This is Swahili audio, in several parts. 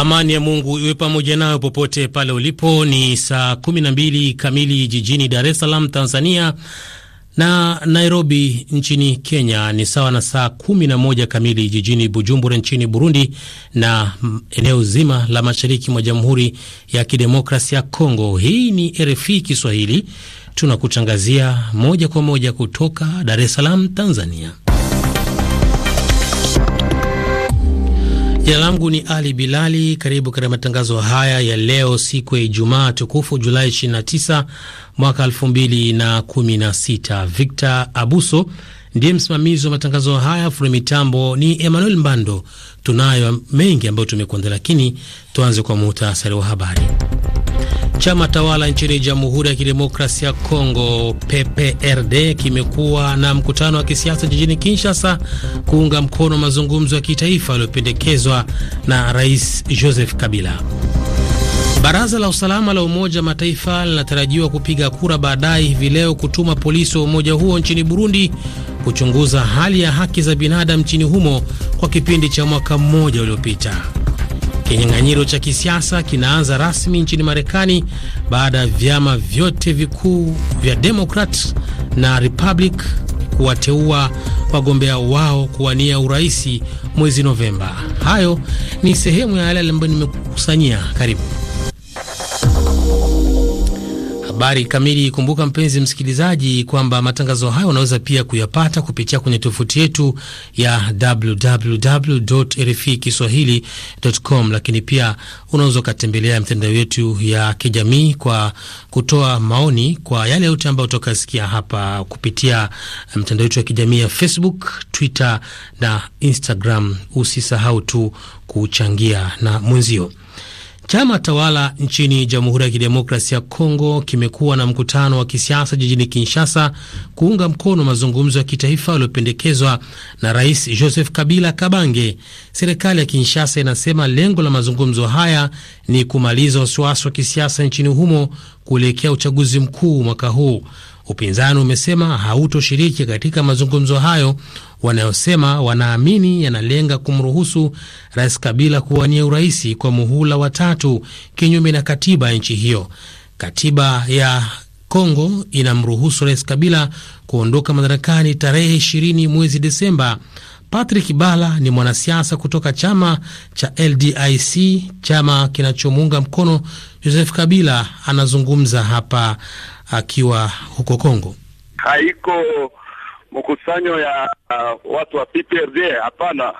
Amani ya Mungu iwe pamoja nayo popote pale ulipo. Ni saa 12 kamili jijini Dar es Salaam, Tanzania, na Nairobi nchini Kenya ni sawa na saa 11 kamili jijini Bujumbura nchini Burundi, na eneo zima la mashariki mwa Jamhuri ya Kidemokrasia ya Kongo. Hii ni RFI Kiswahili, tunakutangazia moja kwa moja kutoka Dar es Salaam, Tanzania. Jina langu ni Ali Bilali. Karibu katika matangazo haya ya leo, siku ya Ijumaa tukufu Julai 29 mwaka 2016. Victor Abuso ndiye msimamizi wa matangazo haya. Fundi mitambo ni Emmanuel Mbando. Tunayo mengi ambayo tumekuandaa, lakini tuanze kwa muhtasari wa habari. Chama tawala nchini Jamhuri ya Kidemokrasia ya Kongo PPRD kimekuwa na mkutano wa kisiasa jijini Kinshasa kuunga mkono mazungumzo ya kitaifa yaliyopendekezwa na Rais Joseph Kabila. Baraza la usalama la Umoja wa Mataifa linatarajiwa kupiga kura baadaye hivi leo kutuma polisi wa umoja huo nchini Burundi kuchunguza hali ya haki za binadamu nchini humo kwa kipindi cha mwaka mmoja uliopita. Kinyang'anyiro cha kisiasa kinaanza rasmi nchini Marekani baada ya vyama vyote vikuu vya Democrat na Republic kuwateua wagombea wao kuwania uraisi mwezi Novemba. Hayo ni sehemu ya yale ambayo nimekusanyia. Karibu. Habari kamili. Kumbuka mpenzi msikilizaji, kwamba matangazo hayo unaweza pia kuyapata kupitia kwenye tovuti yetu ya www RFI Kiswahili.com, lakini pia unaweza ukatembelea mitandao yetu ya kijamii kwa kutoa maoni kwa yale yote ambayo utakasikia hapa kupitia mtandao yetu ya kijamii ya Facebook, Twitter na Instagram. Usisahau tu kuchangia na mwenzio. Chama tawala nchini Jamhuri ya Kidemokrasia ya Kongo kimekuwa na mkutano wa kisiasa jijini Kinshasa kuunga mkono mazungumzo ya kitaifa yaliyopendekezwa na Rais Joseph Kabila Kabange. Serikali ya Kinshasa inasema lengo la mazungumzo haya ni kumaliza wasiwasi wa kisiasa nchini humo kuelekea uchaguzi mkuu mwaka huu. Upinzani umesema hautoshiriki katika mazungumzo hayo wanayosema wanaamini yanalenga kumruhusu Rais Kabila kuwania uraisi kwa muhula wa tatu, kinyume na katiba ya nchi hiyo. Katiba ya Kongo inamruhusu Rais Kabila kuondoka madarakani tarehe 20 mwezi Desemba. Patrick Bala ni mwanasiasa kutoka chama cha LDIC, chama kinachomuunga mkono Joseph Kabila. Anazungumza hapa akiwa huko Kongo. Haiko mkusanyo ya uh, watu wa PPRD. Hapana,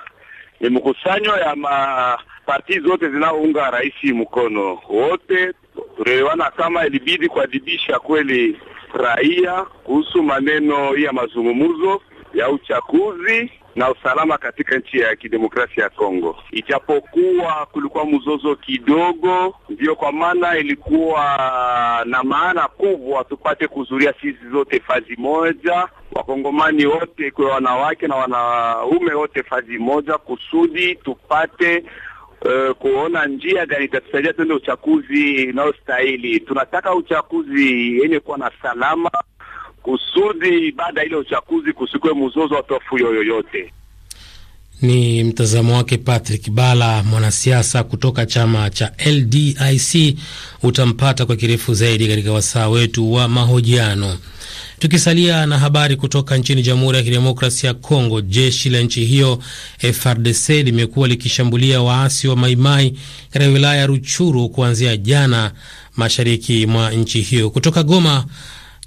ni mkusanyo ya maparti zote zinaounga rais mkono. Wote tulielewana kama ilibidi kuadibisha kweli raia kuhusu maneno ya mazungumzo ya uchaguzi na usalama katika nchi ya kidemokrasia ya Kongo, ijapokuwa kulikuwa mzozo kidogo, ndiyo kwa maana ilikuwa na maana kubwa tupate kuzuria sisi zote fazi moja Wakongomani wote kwa wanawake na wanaume wote fazi moja, kusudi tupate Uh, kuona njia gani itatusaidia tuende uchaguzi inayostahili. Tunataka uchaguzi yenye kuwa na salama, kusudi baada ya ile uchaguzi kusikwe mzozo wa tofu yoyote. Ni mtazamo wake Patrick Bala, mwanasiasa kutoka chama cha LDIC. Utampata kwa kirefu zaidi katika wasaa wetu wa mahojiano. Tukisalia na habari kutoka nchini Jamhuri ya Kidemokrasia ya Kongo, jeshi la nchi hiyo FRDC limekuwa likishambulia waasi wa Maimai katika wilaya ya Ruchuru kuanzia jana, mashariki mwa nchi hiyo. Kutoka Goma,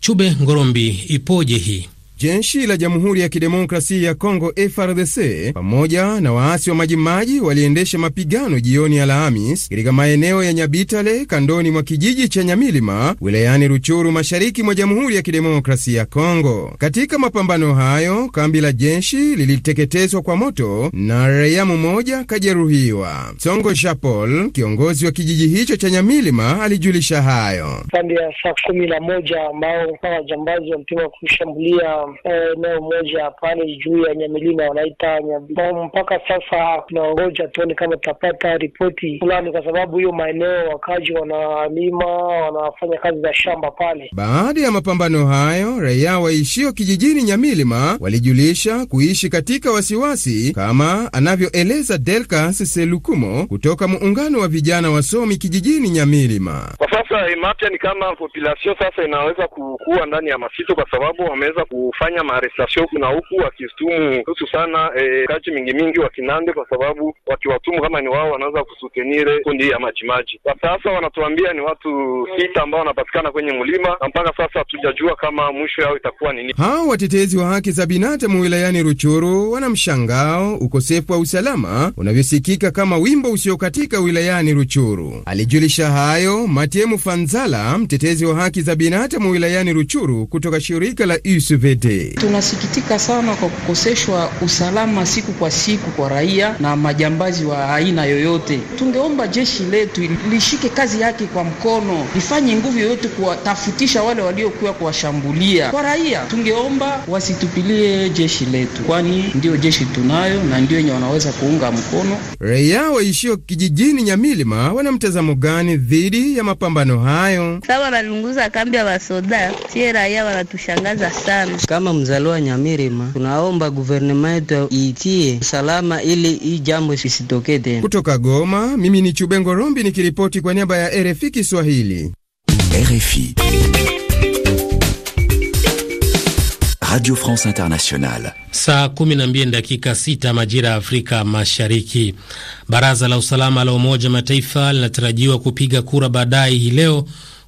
Chube Ngorombi, ipoje hii Jeshi la Jamhuri ya Kidemokrasia ya Kongo FRDC pamoja na waasi wa Majimaji waliendesha mapigano jioni ya Alhamis katika maeneo ya Nyabitale kandoni mwa kijiji cha Nyamilima wilayani Ruchuru mashariki mwa Jamhuri ya Kidemokrasia ya Kongo. Katika mapambano hayo, kambi la jeshi liliteketezwa kwa moto na raia mmoja kajeruhiwa. Songo Japol, kiongozi wa kijiji hicho cha Nyamilima, alijulisha hayo ya saa kumi na moja ambao walipima kushambulia Eh, eneo moja pale juu ya Nyamilima wanaita Nyamilima. Mpaka sasa tunaongoja tuone kama tutapata ripoti fulani, kwa sababu hiyo maeneo wakaji wanalima, wanafanya kazi za shamba pale. Baada ya mapambano hayo, raia waishio kijijini Nyamilima walijulisha kuishi katika wasiwasi, kama anavyoeleza Delkas Selukumo kutoka muungano wa vijana wasomi kijijini Nyamilima. Kwa sasa mapya ni kama population sasa inaweza kukua ndani ya masitu, kwa sababu wameweza ku kufanya maarestasio kuna huku wakistumu husu sana e, eh, kaji mingi mingi wa Kinande kwa sababu wakiwatumu kama ni wao wanaweza kusutenire kundi ya majimaji. Kwa sasa wanatuambia ni watu sita ambao wanapatikana kwenye mlima na mpaka sasa hatujajua kama mwisho yao itakuwa nini. Hao watetezi wa haki za binadamu wilayani Ruchuru wana mshangao ukosefu wa usalama unavyosikika kama wimbo usiokatika wilayani Ruchuru. Alijulisha hayo Matiemu Fanzala, mtetezi wa haki za binadamu wilayani Ruchuru kutoka shirika la USVD. Kikwete. Tunasikitika sana kwa kukoseshwa usalama siku kwa siku kwa raia na majambazi wa aina yoyote. Tungeomba jeshi letu lishike kazi yake kwa mkono, lifanye nguvu yoyote kuwatafutisha wale waliokuwa kuwashambulia. Kwa raia tungeomba wasitupilie jeshi letu, kwani ndiyo jeshi tunayo na ndio yenye wanaweza kuunga mkono. Raia waishio kijijini Nyamilima wana mtazamo gani dhidi ya mapambano hayo? Sasa wanalunguza kambi ya wasoda, sie raia wanatushangaza sana. Kama mzaliwa Nyamirima, tunaomba guvernema yetu iitie salama ili hii jambo sisitokee tena. Kutoka Goma, mimi ni Chubengo Rombi nikiripoti kwa niaba ya RFI Kiswahili. RFI Radio France Internationale. Saa 12 dakika sita majira ya Afrika Mashariki. Baraza la Usalama la Umoja Mataifa linatarajiwa kupiga kura baadaye hii leo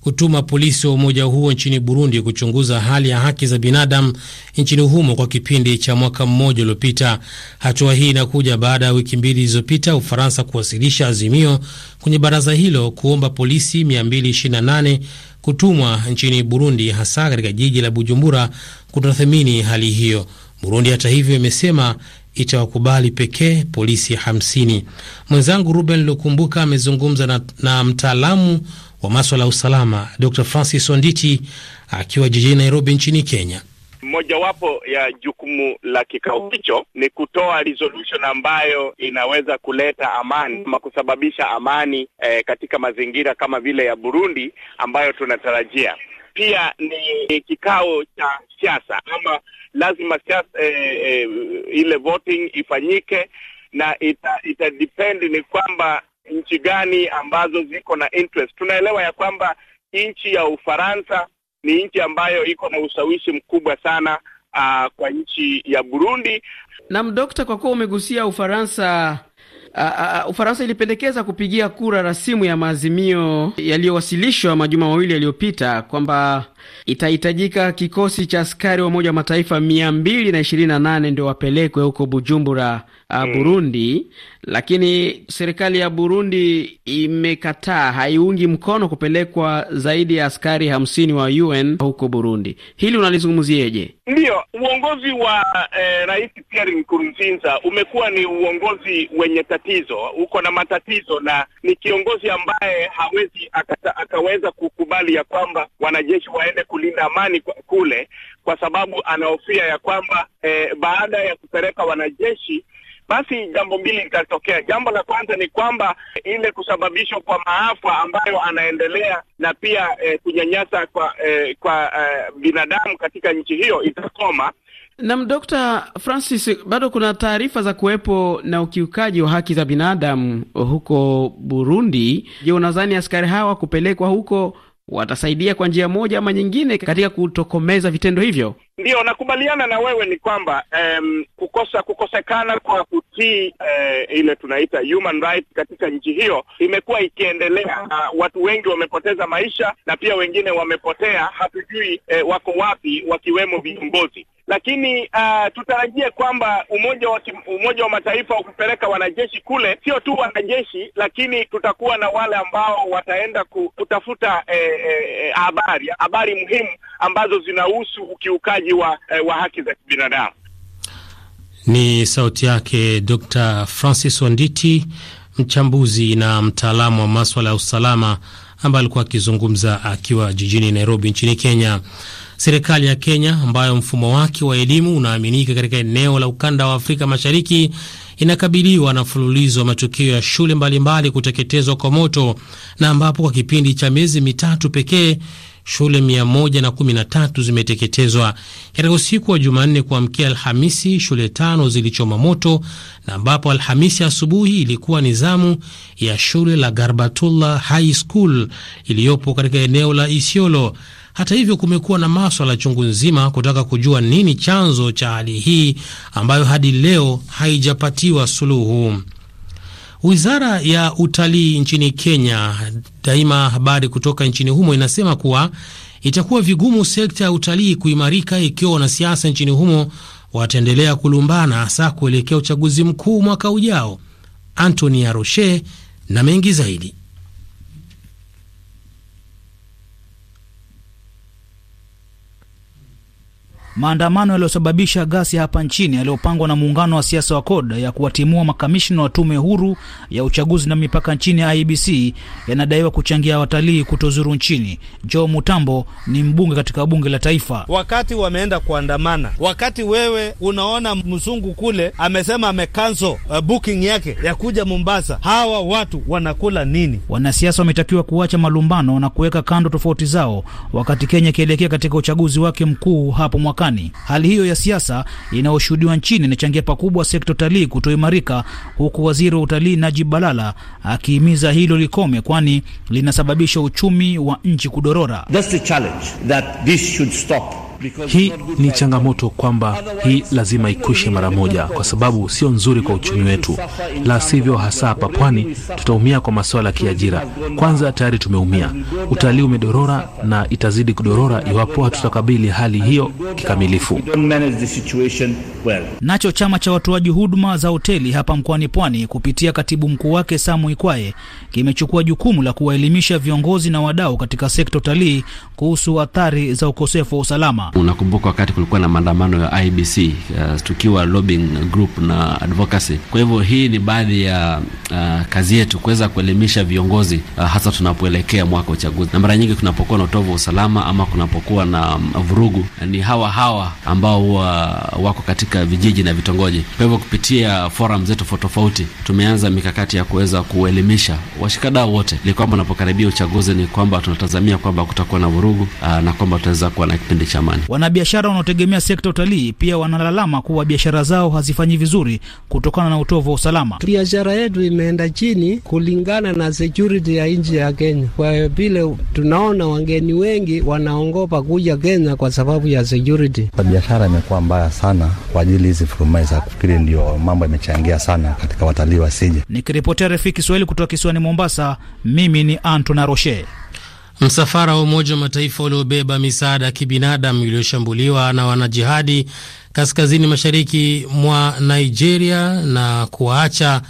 kutuma polisi wa umoja huo nchini Burundi kuchunguza hali ya haki za binadamu nchini humo kwa kipindi cha mwaka mmoja uliopita. Hatua hii inakuja baada ya wiki mbili zilizopita Ufaransa kuwasilisha azimio kwenye baraza hilo kuomba polisi 228 kutumwa nchini Burundi, hasa katika jiji la Bujumbura kutathmini hali hiyo. Burundi hata hivyo imesema itawakubali pekee polisi 50. Mwenzangu Ruben Lukumbuka amezungumza na, na mtaalamu wa maswala ya usalama Dr Francis Onditi akiwa jijini Nairobi nchini Kenya. Mojawapo ya jukumu la kikao hicho ni kutoa resolution ambayo inaweza kuleta amani ama kusababisha amani eh, katika mazingira kama vile ya Burundi ambayo tunatarajia. Pia ni kikao cha siasa ama lazima siasa, eh, eh, ile voting ifanyike na ita, ita depend ni kwamba nchi gani ambazo ziko na interest. Tunaelewa ya kwamba nchi ya Ufaransa ni nchi ambayo iko na ushawishi mkubwa sana uh, kwa nchi ya Burundi. Na mdokta, kwa kuwa umegusia Ufaransa uh, uh, Ufaransa ilipendekeza kupigia kura rasimu ya maazimio yaliyowasilishwa majuma mawili yaliyopita kwamba itahitajika kikosi cha askari wa Umoja wa Mataifa mia mbili na ishirini na nane ndio wapelekwe huko Bujumbura uh, Burundi, lakini serikali ya Burundi imekataa, haiungi mkono kupelekwa zaidi ya askari hamsini wa UN huko Burundi. Hili unalizungumzieje? Ndiyo, uongozi wa eh, Rais Pierre Nkurunziza umekuwa ni uongozi wenye tatizo, uko na matatizo, na ni kiongozi ambaye hawezi akata, akaweza kukubali ya kwamba wanajeshi waende kulinda amani kwa, kule kwa sababu anahofia ya kwamba eh, baada ya kupeleka wanajeshi basi jambo mbili litatokea. Jambo la kwanza ni kwamba ile kusababishwa kwa maafa ambayo anaendelea na pia eh, kunyanyasa kwa, eh, kwa eh, binadamu katika nchi hiyo itakoma. Nam Dr. Francis, bado kuna taarifa za kuwepo na ukiukaji wa haki za binadamu huko Burundi. Je, unadhani askari hawa kupelekwa huko watasaidia kwa njia moja ama nyingine katika kutokomeza vitendo hivyo? Ndio, nakubaliana na wewe ni kwamba um, kukosa kukosekana kwa kutii uh, ile tunaita human rights katika nchi hiyo imekuwa ikiendelea. Uh, watu wengi wamepoteza maisha na pia wengine wamepotea, hatujui uh, wako wapi, wakiwemo viongozi lakini uh, tutarajie kwamba umoja wa Umoja wa Mataifa ukipeleka wanajeshi kule, sio tu wanajeshi, lakini tutakuwa na wale ambao wataenda kutafuta habari eh, eh, eh habari muhimu ambazo zinahusu ukiukaji utekelezaji wa, eh, wa haki za kibinadamu. Ni sauti yake Dr. Francis Wanditi, mchambuzi na mtaalamu wa maswala ya usalama ambaye alikuwa akizungumza akiwa jijini Nairobi nchini Kenya. Serikali ya Kenya ambayo mfumo wake wa elimu unaaminika katika eneo la ukanda wa Afrika Mashariki inakabiliwa na mfululizo wa matukio ya shule mbalimbali kuteketezwa kwa moto na ambapo kwa kipindi cha miezi mitatu pekee shule 113 zimeteketezwa. Katika usiku wa Jumanne kuamkia Alhamisi, shule tano zilichoma moto, na ambapo Alhamisi asubuhi ilikuwa ni zamu ya shule la Garbatullah High School iliyopo katika eneo la Isiolo. Hata hivyo kumekuwa na maswala chungu nzima kutaka kujua nini chanzo cha hali hii ambayo hadi leo haijapatiwa suluhu. Wizara ya utalii nchini Kenya daima, habari kutoka nchini humo inasema kuwa itakuwa vigumu sekta ya utalii kuimarika ikiwa wanasiasa nchini humo wataendelea kulumbana, hasa kuelekea uchaguzi mkuu mwaka ujao. Antony Aroshe na mengi zaidi. Maandamano yaliyosababisha ghasia hapa nchini yaliyopangwa na muungano wa siasa wa CORD ya kuwatimua makamishina wa tume huru ya uchaguzi na mipaka nchini IEBC yanadaiwa kuchangia watalii kutozuru nchini. Joe Mutambo ni mbunge katika bunge la taifa. Wakati wameenda kuandamana, wakati wewe unaona mzungu kule amesema amekanso uh, booking yake ya kuja Mombasa, hawa watu wanakula nini? Wanasiasa wametakiwa kuacha malumbano na kuweka kando tofauti zao, wakati Kenya ikielekea katika uchaguzi wake mkuu hapo mwakani madarakani. Hali hiyo ya siasa inayoshuhudiwa nchini inachangia pakubwa sekta utalii kutoimarika, huku waziri wa utalii Najib Balala akihimiza hilo likome, kwani linasababisha uchumi wa nchi kudorora. That's the challenge that this should stop. Hii ni changamoto kwamba hii lazima ikwishe mara moja, kwa sababu sio nzuri kwa uchumi wetu, la sivyo, hasa hapa pwani, tutaumia kwa masuala ya kiajira. Kwanza tayari tumeumia, utalii umedorora na itazidi kudorora iwapo hatutakabili hali hiyo kikamilifu. Nacho chama cha watoaji huduma za hoteli hapa mkoani Pwani kupitia katibu mkuu wake Samu Ikwaye kimechukua jukumu la kuwaelimisha viongozi na wadau katika sekta utalii kuhusu athari za ukosefu wa usalama Unakumbuka wakati kulikuwa na maandamano ya IBC uh, eh, tukiwa lobbying group na advocacy. Kwa hivyo hii ni baadhi ya uh, kazi yetu kuweza kuelimisha viongozi uh, hasa tunapoelekea mwaka wa uchaguzi, na mara nyingi kunapokuwa na utovu wa usalama ama kunapokuwa na mm, vurugu, ni hawa hawa ambao huwa wako katika vijiji na vitongoji. Kwa hivyo kupitia forum zetu tofauti tumeanza mikakati ya kuweza kuelimisha washikadau wote, ni kwamba unapokaribia uchaguzi ni kwamba tunatazamia kwamba kutakuwa na vurugu uh, na kwamba tutaweza kuwa na kipindi cha amani. Pwani. Wanabiashara wanaotegemea sekta utalii pia wanalalama kuwa biashara zao hazifanyi vizuri kutokana na utovu wa usalama. Biashara yetu imeenda chini kulingana na security ya nchi ya Kenya, kwa vile tunaona wageni wengi wanaongopa kuja Kenya kwa sababu ya security. Biashara imekuwa mbaya sana kwa ajili hizi furumai za kufikiri, ndio mambo yamechangia sana katika watalii wasije. Nikiripotia Refi Kiswahili kutoka kisiwani Mombasa, mimi ni Antona Roshe. Msafara wa Umoja wa Mataifa uliobeba misaada ya kibinadamu iliyoshambuliwa na wanajihadi kaskazini mashariki mwa Nigeria na kuwaacha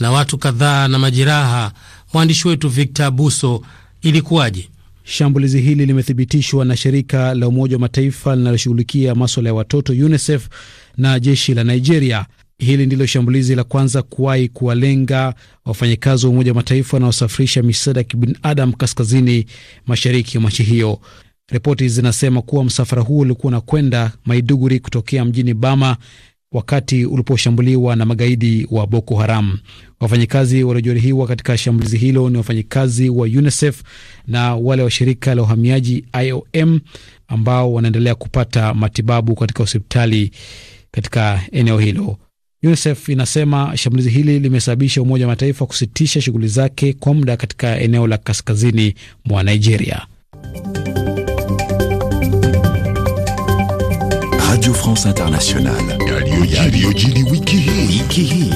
na watu kadhaa na majeraha. Mwandishi wetu Victor Buso, ilikuwaje? Shambulizi hili limethibitishwa na shirika la Umoja wa Mataifa linaloshughulikia maswala ya watoto UNICEF na jeshi la Nigeria. Hili ndilo shambulizi la kwanza kuwahi kuwalenga wafanyakazi wa Umoja wa Mataifa wanaosafirisha misaada ya kibinadamu kaskazini mashariki mwa nchi hiyo. Ripoti zinasema kuwa msafara huo ulikuwa unakwenda Maiduguri kutokea mjini Bama wakati uliposhambuliwa na magaidi wa Boko Haram. Wafanyakazi waliojeruhiwa katika shambulizi hilo ni wafanyakazi wa UNICEF na wale wa shirika la uhamiaji IOM ambao wanaendelea kupata matibabu katika hospitali katika eneo hilo. UNICEF inasema shambulizi hili limesababisha Umoja wa Mataifa kusitisha shughuli zake kwa muda katika eneo la kaskazini mwa Nigeria. Radio France Internationale. Yaliyojiri wiki hii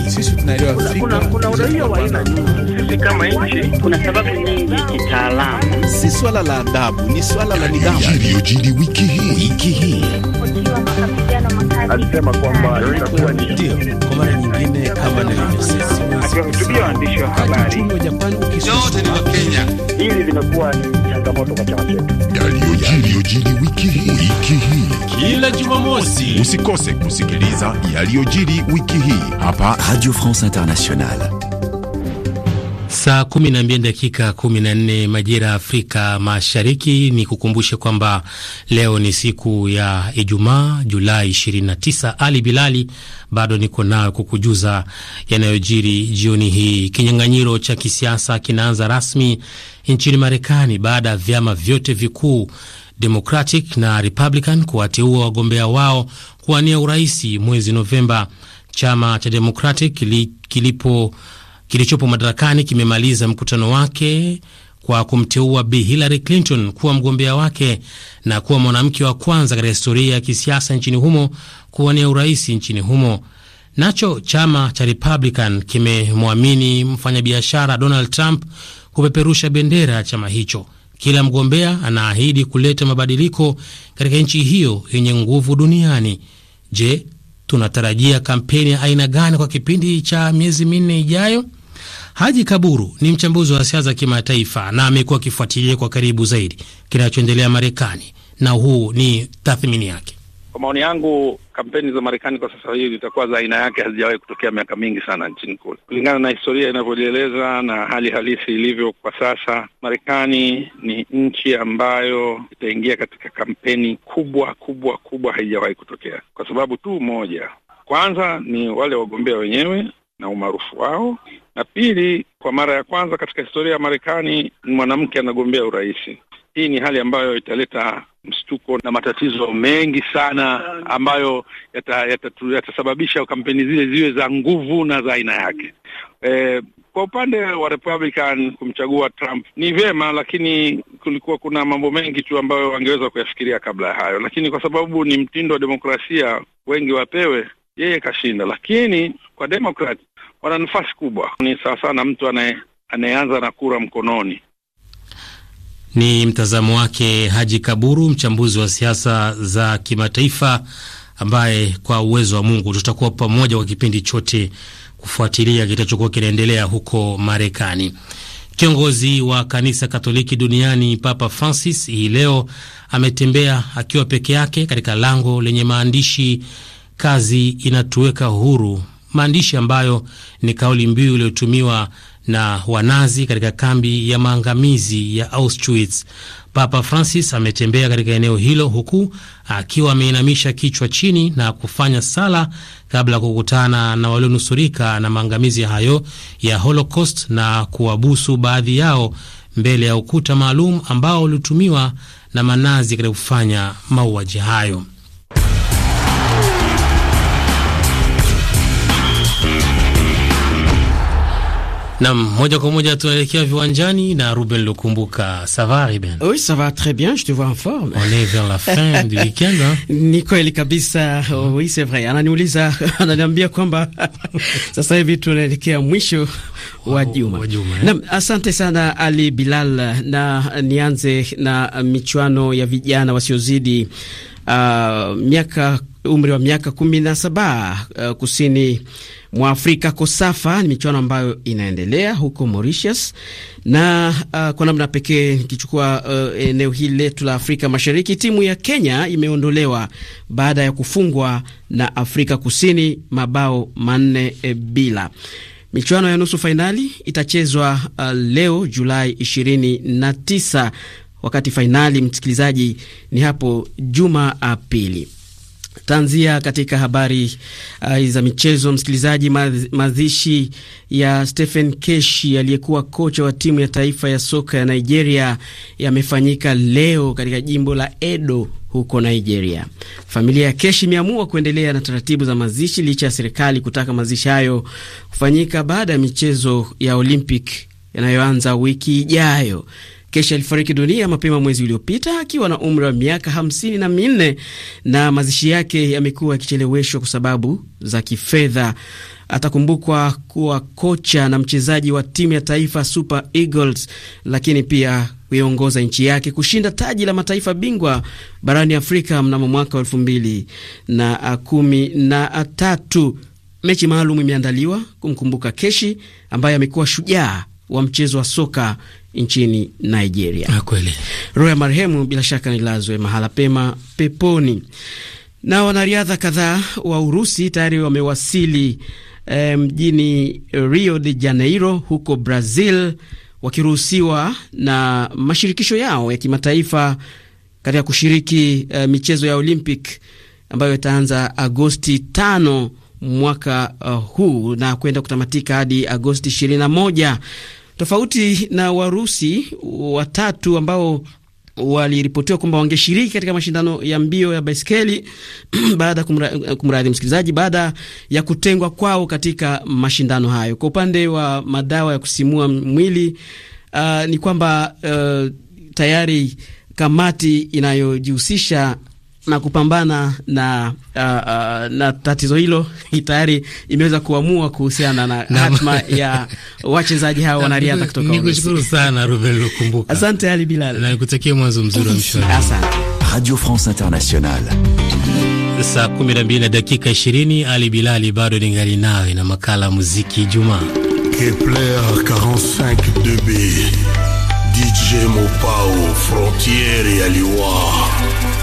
sisi kama nchi kuna sababu nyingi kitaalamu, si swala la adabu, ni swala la nidhamu. Yaliyojiri wiki hii wiki hii alisema kwamba itakuwa ni ndio kwa mara nyingine, kama nilivyosema, akiwahutubia waandishi wa habari, ni Hili limekuwa ni changamoto kwa chama chetu. Yaliyojiri wiki hii wiki hii, kila Jumamosi usikose kusikiliza yaliyojiri wiki hii hapa Radio France Internationale. Saa mbili dakika nne majira ya Afrika Mashariki. Ni kukumbushe kwamba leo ni siku ya Ijumaa, Julai 29. Ali Bilali bado niko nayo kukujuza yanayojiri jioni hii. Kinyang'anyiro cha kisiasa kinaanza rasmi nchini Marekani baada ya vyama vyote vikuu Democratic na Republican kuwateua wagombea wao kuwania uraisi mwezi Novemba, chama cha Democratic kilipo kilichopo madarakani kimemaliza mkutano wake kwa kumteua Bi Hillary Clinton kuwa mgombea wake na kuwa mwanamke wa kwanza katika historia ya kisiasa nchini humo kuwania urais nchini humo. Nacho chama cha Republican kimemwamini mfanyabiashara Donald Trump kupeperusha bendera ya chama hicho. Kila mgombea anaahidi kuleta mabadiliko katika nchi hiyo yenye nguvu duniani. Je, tunatarajia kampeni ya aina gani kwa kipindi cha miezi minne ijayo? Haji Kaburu ni mchambuzi wa siasa kimataifa na amekuwa akifuatilia kwa karibu zaidi kinachoendelea Marekani, na huu ni tathmini yake. Kwa maoni yangu, kampeni za Marekani kwa sasa hivi zitakuwa za aina yake, hazijawahi kutokea miaka mingi sana nchini kule, kulingana na historia inavyojieleza na hali halisi ilivyo kwa sasa. Marekani ni nchi ambayo itaingia katika kampeni kubwa kubwa kubwa, haijawahi kutokea kwa sababu tu moja. Kwanza ni wale wagombea wenyewe na umaarufu wao, na pili, kwa mara ya kwanza katika historia ya Marekani mwanamke anagombea urais. Hii ni hali ambayo italeta mshtuko na matatizo mengi sana ambayo yatasababisha yata, yata kampeni zile ziwe za nguvu na za aina yake. E, kwa upande wa Republican kumchagua Trump ni vyema, lakini kulikuwa kuna mambo mengi tu ambayo wangeweza kuyafikiria kabla ya hayo, lakini kwa sababu ni mtindo wa demokrasia wengi wapewe, yeye kashinda. Lakini kwa Democrat wana nafasi kubwa, ni sawasawa sana mtu anayeanza na kura mkononi. Ni mtazamo wake Haji Kaburu, mchambuzi wa siasa za kimataifa, ambaye kwa uwezo wa Mungu tutakuwa pamoja kwa kipindi chote kufuatilia kitachokuwa kinaendelea huko Marekani. Kiongozi wa kanisa Katoliki duniani Papa Francis hii leo ametembea akiwa peke yake katika lango lenye maandishi kazi inatuweka huru, maandishi ambayo ni kauli mbiu iliyotumiwa na wanazi katika kambi ya maangamizi ya Auschwitz. Papa Francis ametembea katika eneo hilo huku akiwa ameinamisha kichwa chini na kufanya sala kabla ya kukutana na walionusurika na maangamizi hayo ya Holocaust na kuwabusu baadhi yao mbele ya ukuta maalum ambao ulitumiwa na manazi katika kufanya mauaji hayo. Nam, moja kwa moja tunaelekea viwanjani na Ruben Lukumbuka. Ça va, Ruben? Oui, ça va très bien, je te vois en forme. On est vers la fin du weekend. hein? Ni kweli kabisa. Oh, oui, c'est vrai. Ananiuliza, ananiambia kwamba sasa hivi tunaelekea mwisho wa juma. Eh? Nam, asante sana Ali Bilal, na nianze na michuano ya vijana wasiozidi uh, miaka umri wa miaka 17 uh, eh, kusini mwa Afrika. Kosafa ni michuano ambayo inaendelea huko Mauritius na uh, kwa namna pekee nikichukua uh, eneo hili letu la Afrika Mashariki, timu ya Kenya imeondolewa baada ya kufungwa na Afrika Kusini mabao manne bila. Michuano ya nusu fainali itachezwa uh, leo Julai 29, wakati fainali msikilizaji ni hapo Jumapili. Tanzia katika habari uh, za michezo, msikilizaji, mazishi ya Stephen Keshi aliyekuwa kocha wa timu ya taifa ya soka ya Nigeria yamefanyika leo katika jimbo la Edo huko Nigeria. Familia ya Keshi imeamua kuendelea na taratibu za mazishi licha ya serikali kutaka mazishi hayo kufanyika baada ya michezo ya Olympic yanayoanza wiki ijayo. Kesha alifariki dunia mapema mwezi uliopita akiwa na umri wa miaka hamsini na minne na mazishi yake yamekuwa yakicheleweshwa kwa sababu za kifedha. Atakumbukwa kuwa kocha na mchezaji wa timu ya taifa Super Eagles, lakini pia kuiongoza nchi yake kushinda taji la mataifa bingwa barani Afrika mnamo mwaka wa elfu mbili na kumi na tatu. Mechi maalum imeandaliwa kumkumbuka Keshi ambaye amekuwa shujaa wa mchezo wa soka nchini Nigeria. Ah, Roho ya marehemu bila shaka nilazwe mahala pema peponi. Na wanariadha kadhaa wa Urusi tayari wamewasili eh, mjini um, Rio de Janeiro huko Brazil, wakiruhusiwa na mashirikisho yao ya kimataifa katika kushiriki uh, michezo ya Olympic ambayo itaanza Agosti tano mwaka uh, huu na kwenda kutamatika hadi Agosti 21 tofauti na Warusi watatu ambao waliripotiwa kwamba wangeshiriki katika mashindano ya mbio ya baiskeli baada kumra, kumradhi msikilizaji, baada ya kutengwa kwao katika mashindano hayo. Kwa upande wa madawa ya kusimua mwili uh, ni kwamba uh, tayari kamati inayojihusisha na kupambana na uh, uh, na tatizo hilo tayari imeweza kuamua kuhusiana na hatma ya wachezaji hao wanariadha kutoka Ni kushukuru sana Ruben Lukumbuka. Asante Ali Bilal. Na nikutakie mwanzo mzuri wa mshoni. Asante. Radio France Internationale. Saa 12 na dakika 20, Ali Bilali bado ningali nawe na makala muziki juma. Kepler 45 DB DJ Mopao Frontiere aliwa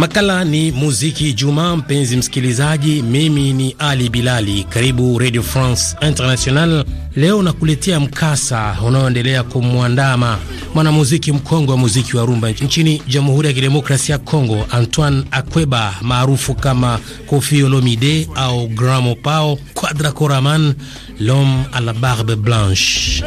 Makala ni muziki juma. Mpenzi msikilizaji, mimi ni Ali Bilali, karibu Radio France International. Leo nakuletea mkasa unaoendelea kumwandama mwanamuziki mkongwe wa muziki wa rumba nchini Jamhuri ya Kidemokrasia ya Kongo, Antoine Akweba maarufu kama Koffi Olomide au Gramo Pao Quadra Coraman, l'homme la barbe blanche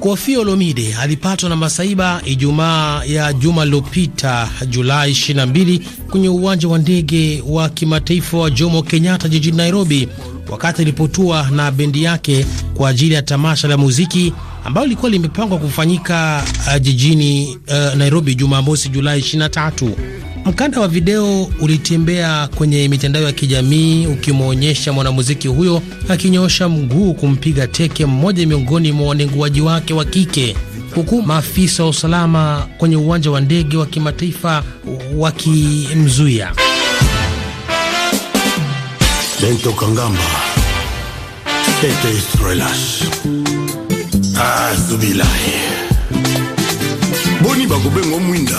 Kofi Olomide alipatwa na masaiba Ijumaa ya juma lililopita Julai 22 kwenye uwanja wa ndege wa kimataifa wa Jomo Kenyatta jijini Nairobi, wakati alipotua na bendi yake kwa ajili ya tamasha la muziki ambalo lilikuwa limepangwa kufanyika eh, jijini uh, Nairobi Jumamosi Julai 23. Mkanda wa video ulitembea kwenye mitandao ya kijamii ukimwonyesha mwanamuziki huyo akinyoosha mguu kumpiga teke mmoja miongoni mwa wanenguaji wake wa kike, huku maafisa wa usalama kwenye uwanja wa ndege wa kimataifa wakimzuia. Bento Kangamba Tete Israelas Azubilahi ah, eh. Boni Bagobengo Mwinda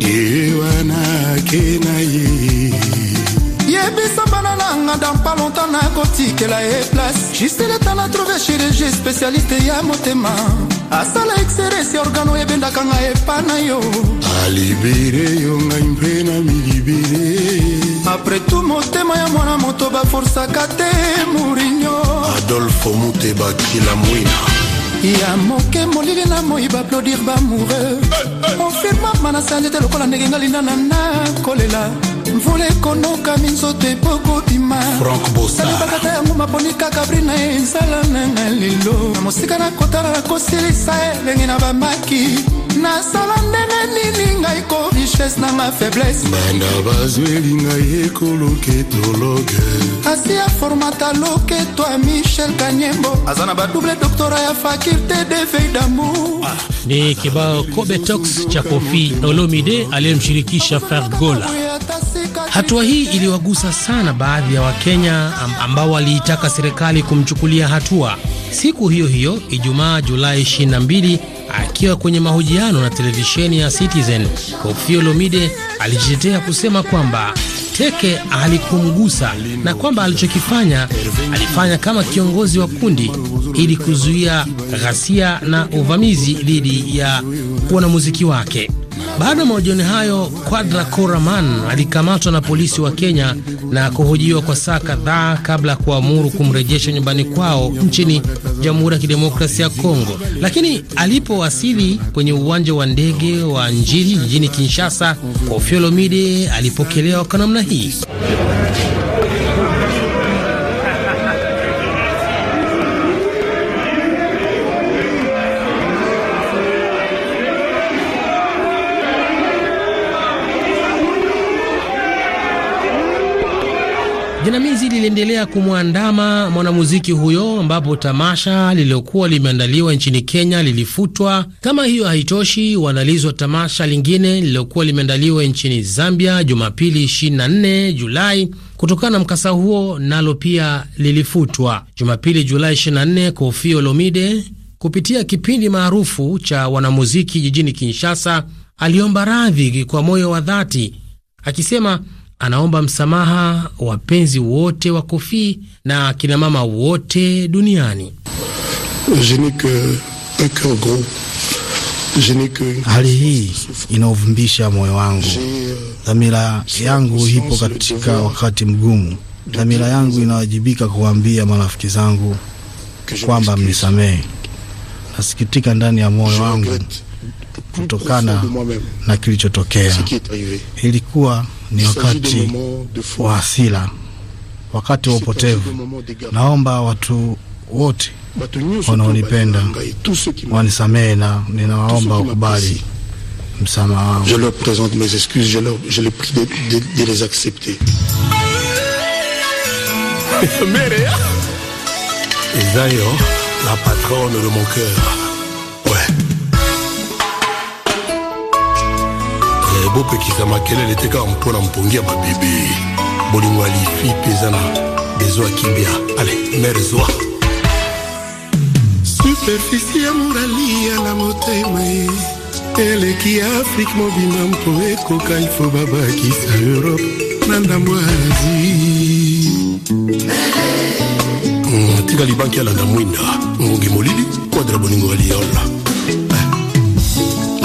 ye wana ke na ye yebisa bana na nga dans pas longtemps nakotikela ye place justin etala trouve chirurgie spécialiste ya motema asala exerese organo ebendaka nga epa na yo alibere yo ngai mpe na milibere apres tout motema ya mwana moto baforsaka te morinyo adolfo mutebakila mwina ya moke molili na moi baaplodir bamoureux konfirma manasanje te lokola ndenge ngalinda na nakolela mvula ekonoka minzoto ebokobima salibaka ta yango maponi kaka bri na ezala nanga lelo na mosika nakotala nakosilisa elenge na bamaki nasala ndenge nini ngai ko richesse nanga faiblesse banda bazweli ngai ekoloketologe asi aformata loketo ya michel kanyembo aza na badouble doktora ya fakirte de veille damour ah, ni kibao kobetox cha kofi olomide aliyemshirikisha fergola Hatua hii iliwagusa sana baadhi ya Wakenya ambao waliitaka serikali kumchukulia hatua. Siku hiyo hiyo, Ijumaa Julai akiwa kwenye mahojiano na televisheni ya Citizen, Koffi Olomide alijitetea kusema kwamba Teke alikumgusa na kwamba alichokifanya alifanya kama kiongozi wa kundi ili kuzuia ghasia na uvamizi dhidi ya wanamuziki wake. Baada ya mahojiano hayo, Quadra Koraman alikamatwa na polisi wa Kenya na kuhojiwa kwa saa kadhaa kabla ya kuamuru kumrejesha nyumbani kwao nchini Jamhuri ya Kidemokrasia ya Kongo. Lakini alipowasili kwenye uwanja wa ndege wa Njili jijini Kinshasa, Koffi alipokelewa kwa namna hii. Jinamizi liliendelea kumwandama mwanamuziki huyo ambapo tamasha lililokuwa limeandaliwa nchini Kenya lilifutwa. Kama hiyo haitoshi, waandalizi wa tamasha lingine lililokuwa limeandaliwa nchini Zambia Jumapili 24 Julai kutokana na mkasa huo nalo pia lilifutwa. Jumapili Julai 24, kofio Olomide kupitia kipindi maarufu cha wanamuziki jijini Kinshasa aliomba radhi kwa moyo wa dhati akisema anaomba msamaha wapenzi wote wa Kofi na kinamama wote duniani. Hali hii inaovumbisha moyo wangu. Euh, Dhamira yangu ipo katika wakati mgumu. Dhamira yangu inawajibika kuwaambia marafiki zangu kwamba mnisamehe. Nasikitika ndani ya moyo wangu kutokana na kilichotokea. Ilikuwa ni wakati wa hasira, wakati wa upotevu. Naomba watu wote wanaonipenda wanisamehe na ninawaomba wakubali msamaha wangu. Je leur présente mes excuses, je, leur, je les prie de, de, de les accepter. Zayo, la patronne de mon cœur. bopekisa makelele te kaka mpona mpongi ya babebe bolingo ya lifi mpe eza na bezo ya kimbia ale mer zwa superfici ya moralia na motema ye eleki ya afrike mobimba mpo ekoka ifo babakisa europe na ndambo ya asie hmm, tika libanki alanda mwinda ngonge molili quadra bolingo ya liola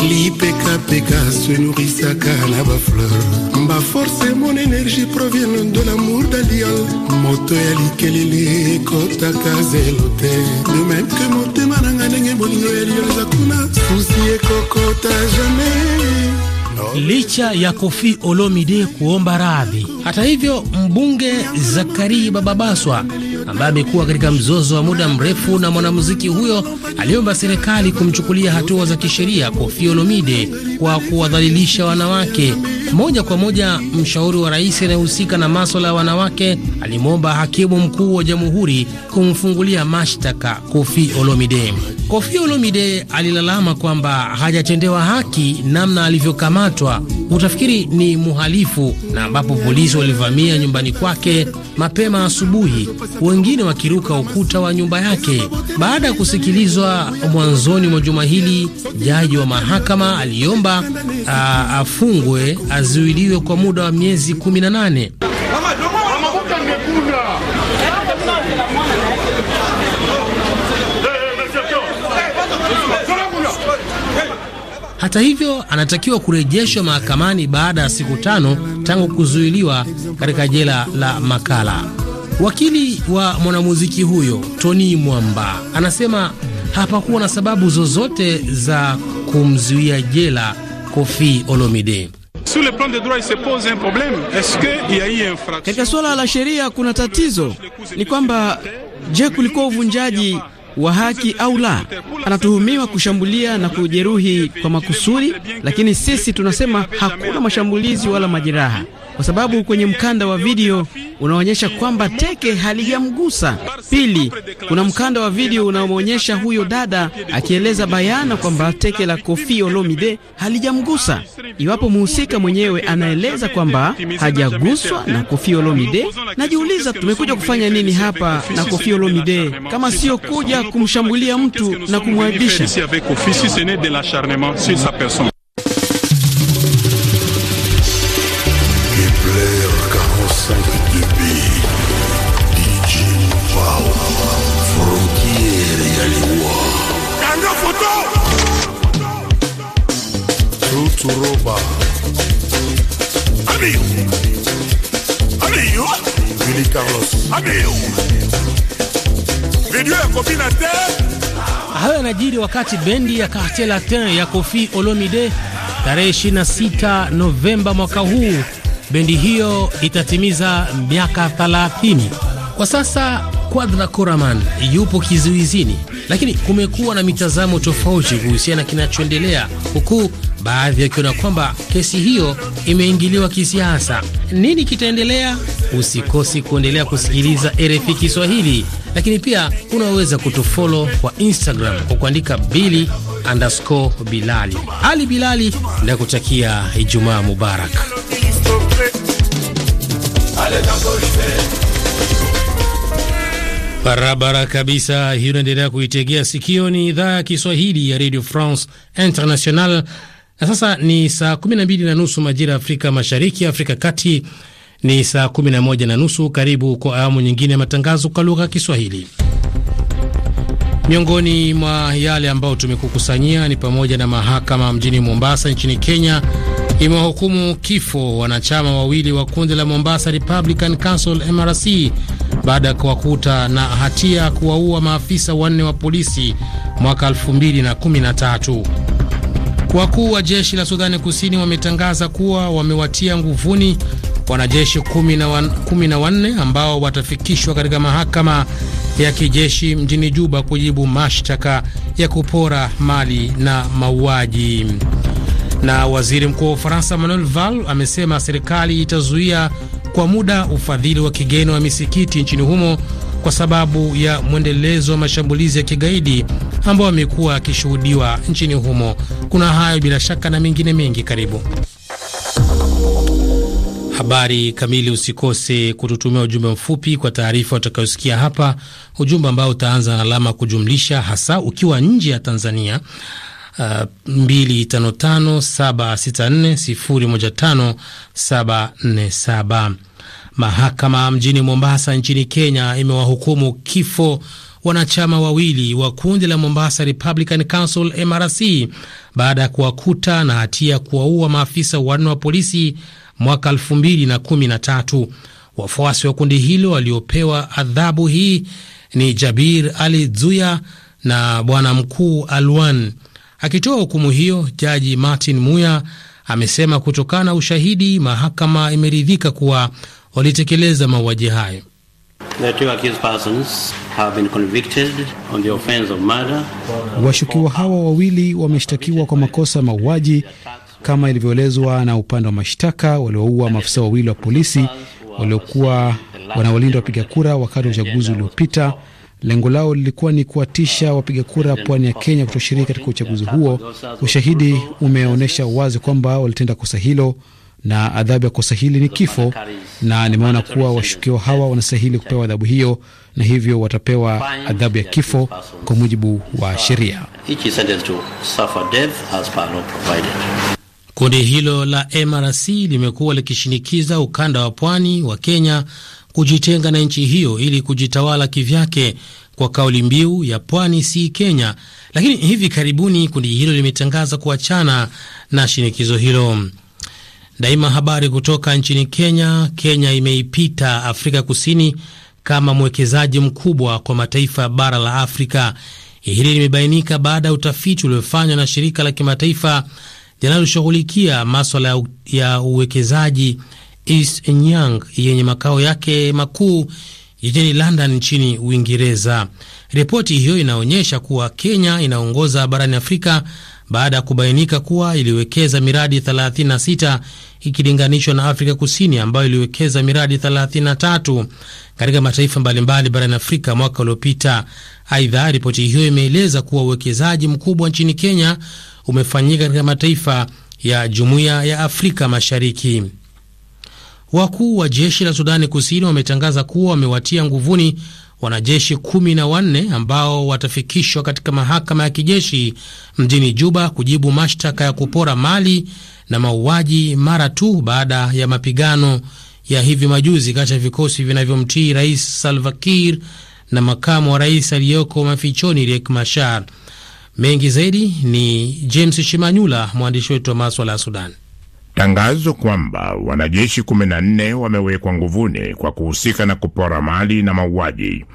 lipekapeka se nourrisaka na bafleur baforce mon énergie proviennent de l'amour d'alliance moto ya likeleli ekotaka zelo te de même que motema nanga ndenge bolingo ya liyo eza kuna susi ekokota jamais licha ya Kofi Olomide kuomba radhi. Hata hivyo, mbunge Zakarii Bababaswa ambaye amekuwa katika mzozo wa muda mrefu na mwanamuziki huyo aliomba serikali kumchukulia hatua za kisheria Koffi Olomide kwa kuwadhalilisha wanawake. Moja kwa moja, mshauri wa rais anayehusika na maswala ya wanawake alimwomba hakimu mkuu wa jamhuri kumfungulia mashtaka Koffi Olomide. Kofi Olomide alilalama kwamba hajatendewa haki namna alivyokamatwa, utafikiri ni mhalifu, na ambapo polisi walivamia nyumbani kwake mapema asubuhi, wengine wakiruka ukuta wa nyumba yake. Baada ya kusikilizwa mwanzoni mwa juma hili, jaji wa mahakama aliomba a, afungwe, azuiliwe kwa muda wa miezi 18. Hata hivyo, anatakiwa kurejeshwa mahakamani baada ya siku tano tangu kuzuiliwa katika jela la Makala. Wakili wa mwanamuziki huyo Tony Mwamba anasema hapakuwa na sababu zozote za kumzuia jela Kofi Olomide. Katika suala la sheria kuna tatizo, ni kwamba je, kulikuwa uvunjaji wa haki au la. Anatuhumiwa kushambulia na kujeruhi kwa makusudi, lakini sisi tunasema hakuna mashambulizi wala majeraha kwa sababu kwenye mkanda wa video unaonyesha kwamba teke halijamgusa. Pili, kuna mkanda wa video unaomwonyesha huyo dada akieleza bayana kwamba teke la Koffi Olomide halijamgusa. Iwapo mhusika mwenyewe anaeleza kwamba hajaguswa na Koffi Olomide, najiuliza tumekuja kufanya nini hapa na Koffi Olomide kama sio kuja kumshambulia mtu na kumwadibisha. Carlos. Hayo yanajiri wakati bendi ya Quartier Latin ya Kofi Olomide tarehe 26 Novemba mwaka huu bendi hiyo itatimiza miaka 30. Kwa sasa Quadra Koraman yupo kizuizini lakini kumekuwa na mitazamo tofauti kuhusiana na kinachoendelea, huku baadhi wakiona kwamba kesi hiyo imeingiliwa kisiasa. Nini kitaendelea? Usikosi kuendelea kusikiliza RFI Kiswahili, lakini pia unaweza kutufolo kwa Instagram kwa kuandika bili underscore bilali. Ali Bilali nakutakia Ijumaa mubarak. Barabara kabisa hiyo. Unaendelea kuitegea sikio, ni idhaa ya Kiswahili ya Radio France International. Na sasa ni saa 12 na nusu majira ya Afrika Mashariki, Afrika Kati ni saa 11 na nusu. Karibu kwa awamu nyingine ya matangazo kwa lugha ya Kiswahili. Miongoni mwa yale ambayo tumekukusanyia ni pamoja na mahakama mjini Mombasa nchini Kenya imewahukumu kifo wanachama wawili wa kundi la Mombasa Republican Council MRC baada ya kuwakuta na hatia kuwaua maafisa wanne wa polisi mwaka 2013. Wakuu wa jeshi la Sudani Kusini wametangaza kuwa wamewatia nguvuni wanajeshi 14 na wanne ambao watafikishwa katika mahakama ya kijeshi mjini Juba kujibu mashtaka ya kupora mali na mauaji. Na waziri mkuu wa Ufaransa Manuel Val amesema serikali itazuia kwa muda ufadhili wa kigeni wa misikiti nchini humo kwa sababu ya mwendelezo wa mashambulizi ya kigaidi ambayo amekuwa akishuhudiwa nchini humo. Kuna hayo bila shaka na mengine mengi, karibu habari kamili. Usikose kututumia ujumbe mfupi kwa taarifa utakayosikia hapa, ujumbe ambao utaanza na alama kujumlisha, hasa ukiwa nje ya Tanzania 255764015747. Uh, Mahakama mjini Mombasa nchini Kenya imewahukumu kifo wanachama wawili wa kundi la Mombasa Republican Council MRC baada ya kuwakuta na hatia kuwaua maafisa wanne wa polisi mwaka 2013. Wafuasi wa kundi hilo waliopewa adhabu hii ni Jabir Ali Zuya na bwana mkuu Alwan. Akitoa hukumu hiyo, jaji Martin Muya amesema kutokana na ushahidi, mahakama imeridhika kuwa walitekeleza mauaji hayo. Washukiwa hawa wawili wameshtakiwa kwa makosa ya mauaji kama ilivyoelezwa na upande wa mashtaka, walioua maafisa wawili wa polisi waliokuwa wanawalinda wapiga kura wakati wa uchaguzi uliopita Lengo lao lilikuwa ni kuwatisha wapiga kura pwani ya Kenya kutoshiriki katika uchaguzi huo. Ushahidi umeonyesha wazi kwamba walitenda kosa hilo na adhabu ya kosa hili ni kifo, na nimeona kuwa washukiwa hawa wanastahili kupewa adhabu hiyo, na hivyo watapewa adhabu ya kifo kwa mujibu wa sheria. Kundi hilo la MRC limekuwa likishinikiza ukanda wa pwani wa Kenya kujitenga na nchi hiyo ili kujitawala kivyake kwa kauli mbiu ya pwani si Kenya, lakini hivi karibuni kundi hilo limetangaza kuachana na shinikizo hilo. Daima habari kutoka nchini Kenya. Kenya imeipita Afrika Kusini kama mwekezaji mkubwa kwa mataifa ya bara la Afrika. Hili limebainika baada ya utafiti uliofanywa na shirika la kimataifa linaloshughulikia maswala ya uwekezaji East Nyang yenye makao yake makuu jijini London nchini Uingereza. Ripoti hiyo inaonyesha kuwa Kenya inaongoza barani Afrika baada ya kubainika kuwa iliwekeza miradi 36 ikilinganishwa na Afrika Kusini ambayo iliwekeza miradi 33 katika mataifa mbalimbali barani Afrika mwaka uliopita. Aidha, ripoti hiyo imeeleza kuwa uwekezaji mkubwa nchini Kenya umefanyika katika mataifa ya Jumuiya ya Afrika Mashariki. Wakuu wa jeshi la Sudani Kusini wametangaza kuwa wamewatia nguvuni wanajeshi kumi na wanne ambao watafikishwa katika mahakama ya kijeshi mjini Juba kujibu mashtaka ya kupora mali na mauaji mara tu baada ya mapigano ya hivi majuzi kati ya vikosi vinavyomtii Rais Salva Kiir na makamu wa rais aliyoko mafichoni Riek Machar. Mengi zaidi ni James Shimanyula, mwandishi wetu wa maswala ya sudani Tangazo kwamba wanajeshi 14 wamewekwa nguvuni kwa kuhusika na kupora mali na mauaji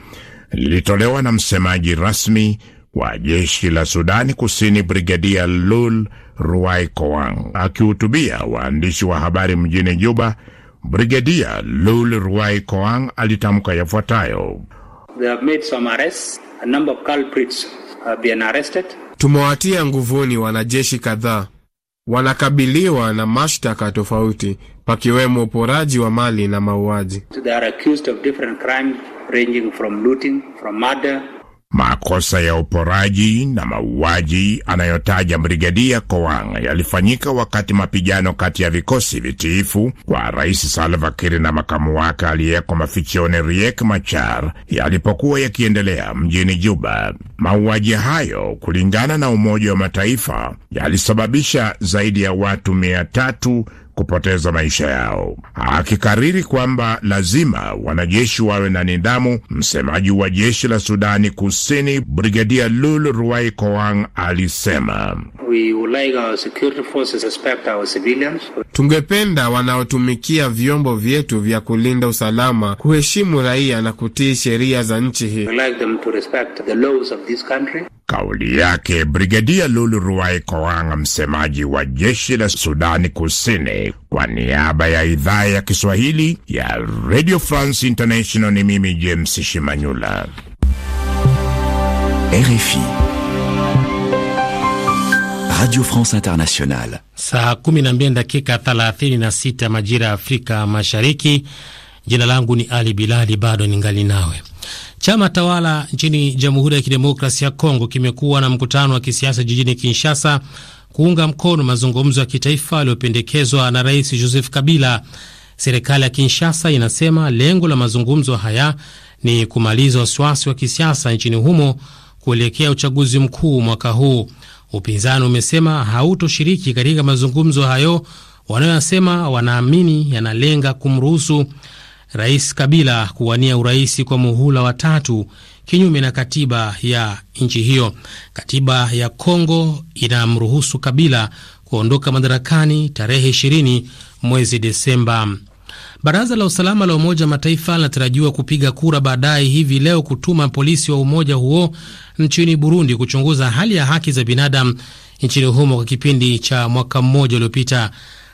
lilitolewa na msemaji rasmi wa jeshi la Sudani Kusini, Brigadia Lul Ruai Koang. Akihutubia waandishi wa habari mjini Juba, Brigadia Lul Ruai Koang alitamka yafuatayo: tumewatia nguvuni wanajeshi kadhaa wanakabiliwa na mashtaka tofauti, pakiwemo uporaji wa mali na mauaji. They are accused of different crimes ranging from looting, from murder Makosa ya uporaji na mauaji anayotaja Brigedia Kowang yalifanyika wakati mapigano kati ya vikosi vitiifu kwa Rais Salva Kiir na makamu wake aliyeko mafichioni Riek Machar yalipokuwa yakiendelea mjini Juba. Mauaji hayo, kulingana na Umoja wa Mataifa, yalisababisha zaidi ya watu mia tatu kupoteza maisha yao, akikariri kwamba lazima wanajeshi wawe na nidhamu. Msemaji wa jeshi la Sudani Kusini Brigedia Lul Ruai Koang alisema Tungependa wanaotumikia vyombo vyetu vya kulinda usalama kuheshimu raia na kutii sheria za nchi hii. Kauli yake Brigedia Lulu Ruai Koanga, msemaji wa jeshi la Sudani Kusini, kwa niaba ya idhaa ya Kiswahili ya Radio France International. Ni mimi James Shimanyula, RFI Radio France Internationale. Saa 12 dakika 36 majira ya Afrika Mashariki. Jina langu ni Ali Bilali, bado ningali nawe Chama tawala nchini Jamhuri ya Kidemokrasia ya Kongo kimekuwa na mkutano wa kisiasa jijini Kinshasa kuunga mkono mazungumzo ya kitaifa yaliyopendekezwa na Rais Joseph Kabila. Serikali ya Kinshasa inasema lengo la mazungumzo haya ni kumaliza wasiwasi wa kisiasa nchini humo kuelekea uchaguzi mkuu mwaka huu. Upinzani umesema hautoshiriki katika mazungumzo hayo wanayoyasema wanaamini yanalenga kumruhusu Rais Kabila kuwania urais kwa muhula wa tatu kinyume na katiba ya nchi hiyo. Katiba ya Kongo inamruhusu Kabila kuondoka madarakani tarehe 20 mwezi Desemba. Baraza la usalama la Umoja wa Mataifa linatarajiwa kupiga kura baadaye hivi leo kutuma polisi wa umoja huo nchini Burundi kuchunguza hali ya haki za binadamu nchini humo kwa kipindi cha mwaka mmoja uliopita.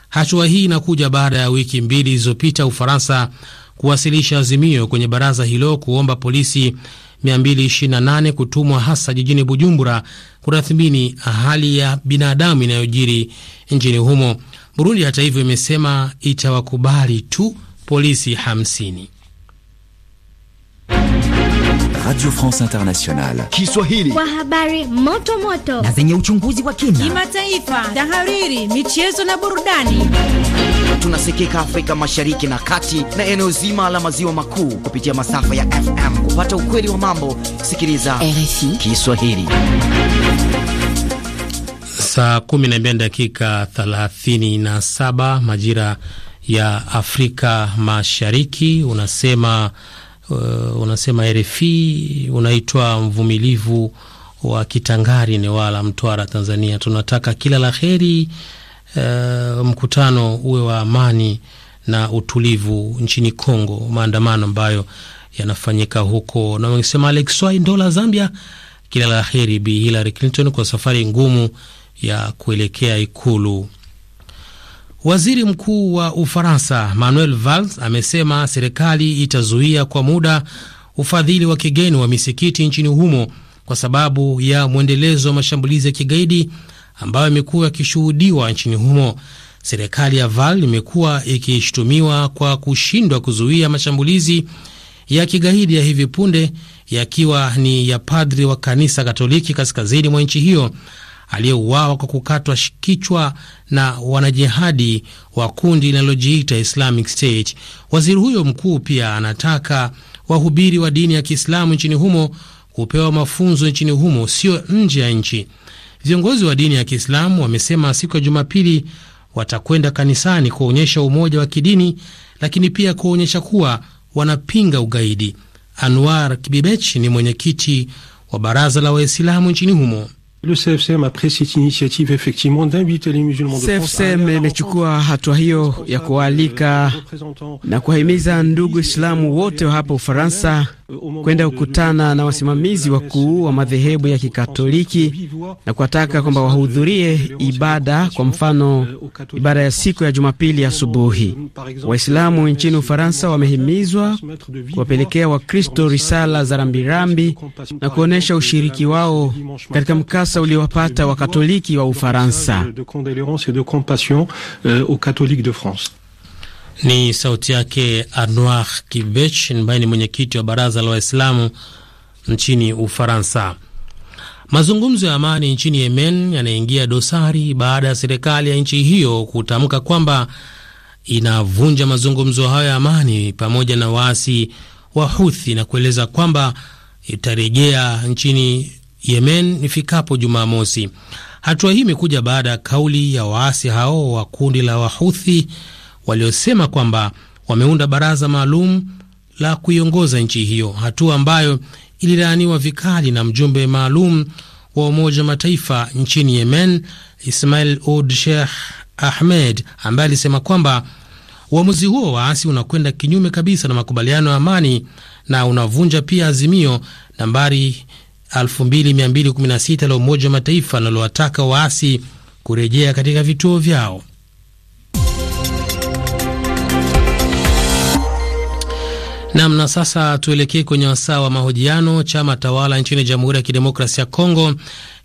Hatua hii inakuja baada ya wiki mbili zilizopita Ufaransa kuwasilisha azimio kwenye baraza hilo kuomba polisi 228 kutumwa hasa jijini Bujumbura kutathmini hali ya binadamu inayojiri nchini humo. Burundi hata hivyo imesema itawakubali tu polisi 50. Radio France Internationale Kiswahili, kwa habari moto moto na zenye uchunguzi wa kina, kimataifa, tahariri, michezo na burudani tunasikika Afrika Mashariki na Kati na eneo zima la maziwa makuu kupitia masafa ya FM. Kupata ukweli wa mambo, sikiliza RFI Kiswahili. Saa 12 dakika 37 majira ya Afrika Mashariki. Unasema uh, unasema RFI unaitwa mvumilivu wa Kitangari, Newala, Mtwara, Tanzania. Tunataka kila la heri uh, mkutano uwe wa amani na utulivu nchini Kongo, maandamano ambayo yanafanyika huko, na wangesema Alex Swai la Zambia, kila la heri Bi Hillary Clinton kwa safari ngumu ya kuelekea Ikulu. Waziri Mkuu wa Ufaransa Manuel Valls amesema serikali itazuia kwa muda ufadhili wa kigeni wa misikiti nchini humo kwa sababu ya mwendelezo wa mashambulizi ya kigaidi ambayo imekuwa ikishuhudiwa nchini humo. Serikali ya Val imekuwa ikishutumiwa kwa kushindwa kuzuia mashambulizi ya kigaidi ya hivi punde, yakiwa ni ya padri wa kanisa Katoliki kaskazini mwa nchi hiyo aliyeuawa kwa kukatwa kichwa na wanajihadi wa kundi linalojiita Islamic State. Waziri huyo mkuu pia anataka wahubiri wa dini ya Kiislamu nchini humo kupewa mafunzo nchini humo, sio nje ya nchi. Viongozi wa dini ya Kiislamu wamesema siku ya Jumapili watakwenda kanisani kuonyesha umoja wa kidini, lakini pia kuonyesha kuwa wanapinga ugaidi. Anwar Kibibech ni mwenyekiti wa baraza la Waislamu nchini humo. CFCM imechukua hatua hiyo ya kuwaalika na kuwahimiza ndugu Islamu wote wa hapa Ufaransa kwenda kukutana na wasimamizi wakuu wa madhehebu ya Kikatoliki na kuwataka kwamba wahudhurie ibada, kwa mfano ibada ya siku ya Jumapili asubuhi. Waislamu nchini Ufaransa wamehimizwa kuwapelekea Wakristo risala za rambirambi na kuonyesha ushiriki wao katika mkasa uliowapata Wakatoliki wa Ufaransa. Ni sauti yake Anwar Kibech ambaye ni mwenyekiti wa baraza la Waislamu nchini Ufaransa. Mazungumzo ya amani nchini Yemen yanaingia dosari baada ya serikali ya nchi hiyo kutamka kwamba inavunja mazungumzo hayo ya amani pamoja na waasi wa Huthi na kueleza kwamba itarejea nchini Yemen ifikapo Jumamosi. Hatua hii imekuja baada ya kauli ya waasi hao wa kundi la Wahuthi waliosema kwamba wameunda baraza maalum la kuiongoza nchi hiyo, hatua ambayo ililaaniwa vikali na mjumbe maalum wa Umoja wa Mataifa nchini Yemen, Ismail Oud Sheikh Ahmed, ambaye alisema kwamba uamuzi huo waasi unakwenda kinyume kabisa na makubaliano ya amani na unavunja pia azimio nambari 2216 la Umoja wa Mataifa linalowataka waasi kurejea katika vituo vyao. Nam, na sasa tuelekee kwenye wasaa wa mahojiano. Chama tawala nchini Jamhuri ya Kidemokrasia ya Kongo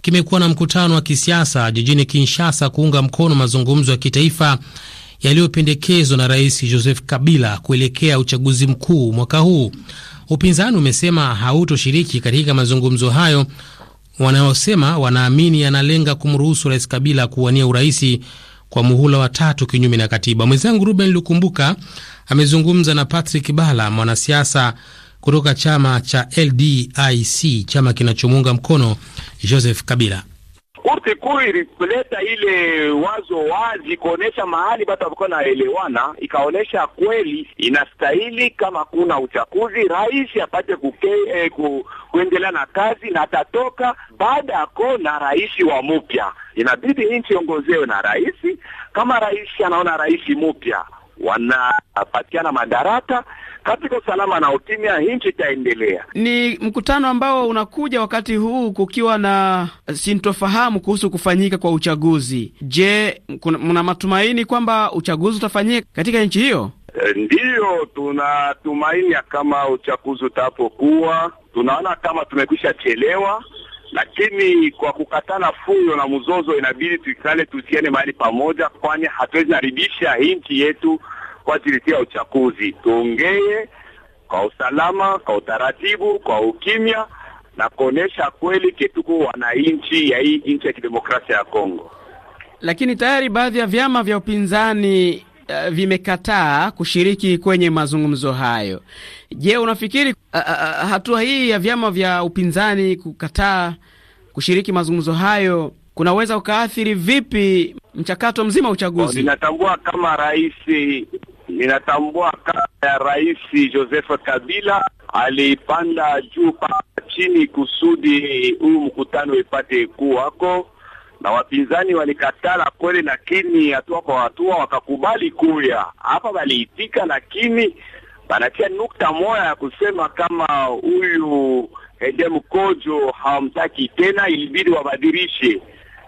kimekuwa na mkutano wa kisiasa jijini Kinshasa kuunga mkono mazungumzo ya kitaifa yaliyopendekezwa na Rais Joseph Kabila kuelekea uchaguzi mkuu mwaka huu. Upinzani umesema hautoshiriki katika mazungumzo hayo wanaosema wanaamini yanalenga kumruhusu Rais Kabila kuwania uraisi kwa muhula wa tatu kinyume na katiba. Mwenzangu Ruben Lukumbuka amezungumza na Patrick Bala, mwanasiasa kutoka chama cha LDIC, chama kinachomuunga mkono Joseph Kabila. Korti Kuu ilileta ile wazo wazi kuonyesha mahali batu walikuwa naelewana, ikaonyesha kweli inastahili kama kuna uchaguzi, rais apate kuke, eh, ku, kuendelea na kazi na atatoka baada yako na rais wa mupya. Inabidi nchi ongozewe na rais, kama rais anaona rais mupya wanapatiana madaraka katika usalama na ukimya, nchi itaendelea. Ni mkutano ambao unakuja wakati huu kukiwa na sintofahamu kuhusu kufanyika kwa uchaguzi. Je, mna matumaini kwamba uchaguzi utafanyika katika nchi hiyo? Ndiyo, tunatumaini kama uchaguzi utapokuwa, tunaona kama tumekwisha chelewa lakini kwa kukatana fuyo na mzozo, inabidi tuikale, tusiane mahali pamoja, kwani hatuwezi naribisha hii nchi yetu kwa ajili ya uchaguzi. Tuongee kwa usalama, kwa utaratibu, kwa ukimya na kuonesha kweli ketuko wananchi ya hii nchi ya kidemokrasia ya Kongo. Lakini tayari baadhi ya vyama vya upinzani Eh, vimekataa kushiriki kwenye mazungumzo hayo. Je, unafikiri uh, uh, hatua hii ya vyama vya upinzani kukataa kushiriki mazungumzo hayo kunaweza ukaathiri vipi mchakato mzima uchaguzi? Ninatambua kama rais, ninatambua kama ya rais Joseph Kabila alipanda juu pa chini kusudi huu mkutano ipate kuwako na wapinzani walikatala kweli, lakini hatua kwa hatua wakakubali kuya hapa, waliitika, lakini wanatia nukta moya ya kusema kama huyu Edem Mkojo hawamtaki tena, ilibidi wabadilishe,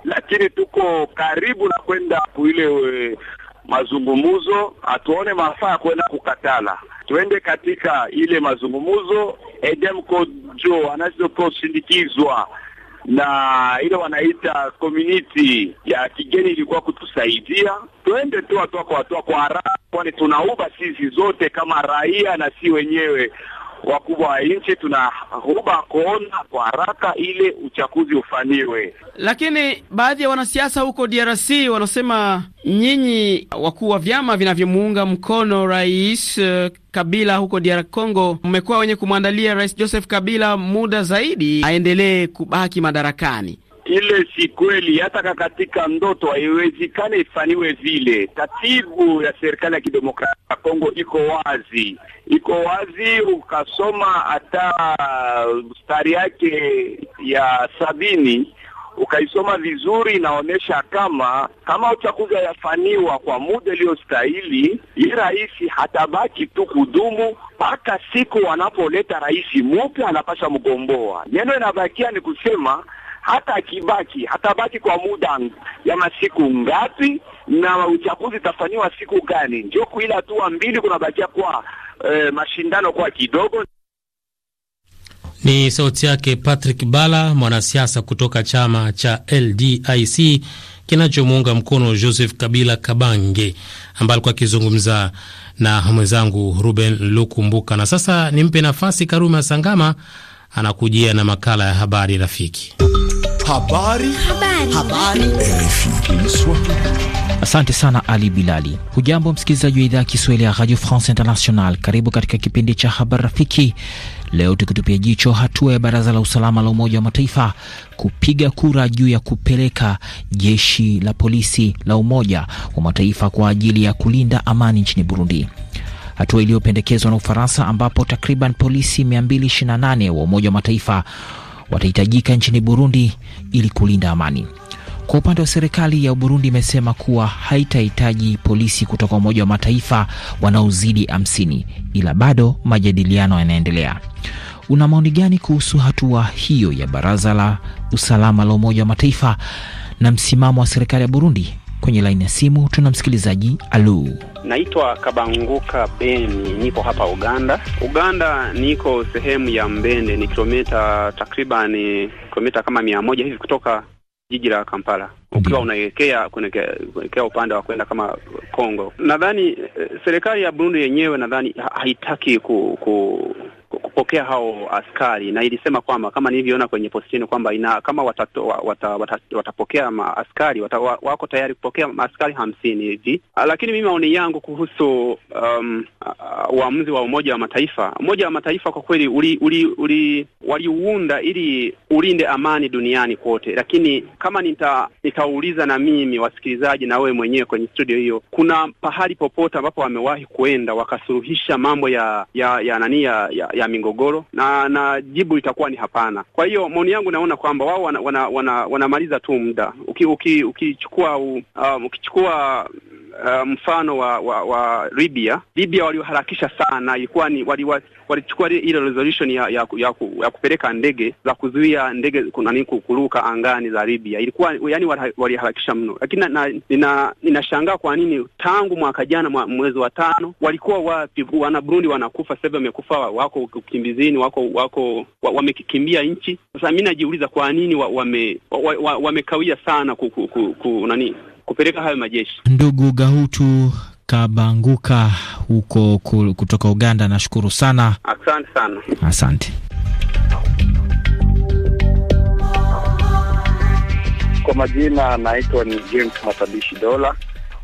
lakini tuko karibu na kwenda kuile eh, mazungumuzo, hatuone mafaa kwenda kukatala, tuende katika ile mazungumuzo. Edem Kojo anazopashindikizwa na ile wanaita community ya kigeni ilikuwa kutusaidia, tuende tu hatua kwa hatua kwa haraka, kwani tunauba sisi zote kama raia na si wenyewe wakubwa wa nchi tunahuba kuona kwa haraka ile uchaguzi ufanyiwe. Lakini baadhi ya wanasiasa huko DRC wanasema nyinyi wakuu wa vyama vinavyomuunga mkono rais eh, Kabila huko DR Congo mmekuwa wenye kumwandalia rais Joseph Kabila muda zaidi aendelee kubaki madarakani. Ile si kweli, hata katika ndoto haiwezekane ifaniwe vile. Tatibu ya serikali ya kidemokrasia ya Kongo iko wazi, iko wazi. Ukasoma hata mstari yake ya sabini ukaisoma vizuri, inaonyesha kama kama uchaguzi hayafaniwa kwa muda iliyostahili, ye rais hatabaki tu kudumu mpaka siku wanapoleta rais mupya, anapasha mgomboa. Neno inabakia ni kusema hata akibaki atabaki kwa muda ya masiku ngapi, na uchaguzi utafanyiwa siku gani? Ndio kuila hatua mbili kunabakia kwa e, mashindano kwa kidogo. Ni sauti yake Patrick Bala, mwanasiasa kutoka chama cha LDIC kinachomuunga mkono Joseph Kabila Kabange, ambaye alikuwa akizungumza na mwenzangu Ruben Lukumbuka. Na sasa nimpe nafasi Karume Asangama anakujia na makala ya habari rafiki. Habari. Habari. Habari. Asante sana Ali Bilali. Hujambo msikilizaji wa idhaa ya Kiswahili ya Radio France International, karibu katika kipindi cha habari rafiki. Leo tukitupia jicho hatua ya baraza la usalama la Umoja wa Mataifa kupiga kura juu ya kupeleka jeshi la polisi la Umoja wa Mataifa kwa ajili ya kulinda amani nchini Burundi hatua iliyopendekezwa na Ufaransa ambapo takriban polisi 228 wa Umoja wa Mataifa watahitajika nchini Burundi ili kulinda amani. Kwa upande wa serikali ya Burundi imesema kuwa haitahitaji polisi kutoka Umoja wa Mataifa wanaozidi hamsini, ila bado majadiliano yanaendelea. Una maoni gani kuhusu hatua hiyo ya Baraza la Usalama la Umoja wa Mataifa na msimamo wa serikali ya Burundi? Kwenye laini ya simu tuna msikilizaji Alu. Naitwa Kabanguka Beni, niko hapa Uganda. Uganda niko sehemu ya Mbende, ni kilomita takriban kilomita kama mia moja hivi kutoka jiji la Kampala, ukiwa unaelekea kuelekea upande wa kwenda kama Kongo. Nadhani eh, serikali ya Burundi yenyewe nadhani haitaki ku, ku kupokea hao askari, na ilisema kwamba kama nilivyoona kwenye posti yenu kwamba ina kama watato, wata, wata, watapokea maaskari wata, wako tayari kupokea maaskari hamsini hivi. Ah, lakini mimi maoni yangu kuhusu um, uh, uamuzi wa Umoja wa Mataifa, Umoja wa Mataifa kwa kweli uli, uli, uli, waliuunda ili ulinde amani duniani kote, lakini kama nita, nitauliza na mimi wasikilizaji na wewe mwenyewe kwenye studio hiyo, kuna pahali popote ambapo wamewahi kuenda wakasuluhisha mambo ya ya, ya nani ya, ya ya migogoro, na na jibu itakuwa ni hapana. Kwa hiyo maoni yangu naona kwamba wao wanamaliza wana, wana, wana tu muda ukichukua uki, uki, um, ukichukua Eh, mfano wa, wa, wa Libya. Libya walioharakisha sana, ilikuwa ni walichukua wali ile resolution ya, ya, ya, ya kupeleka ndege za kuzuia ndege kunani kuruka angani za Libya, ilikuwa yani waliharakisha mno, lakini nina ninashangaa kwa nini tangu mwaka jana mwezi wa tano walikuwa wapi? Wana Burundi wanakufa sasa wamekufa wako ukimbizini, wako wako wamekikimbia nchi. Sasa mimi najiuliza kwa nini wamekawia wa, wa, wa, wa sana ku, ku, ku, ku, nani kupeleka hayo majeshi. Ndugu Gahutu Kabanguka huko kutoka Uganda, nashukuru sana, asante sana, asante. Kwa majina naitwa ni James Matabishi Dola,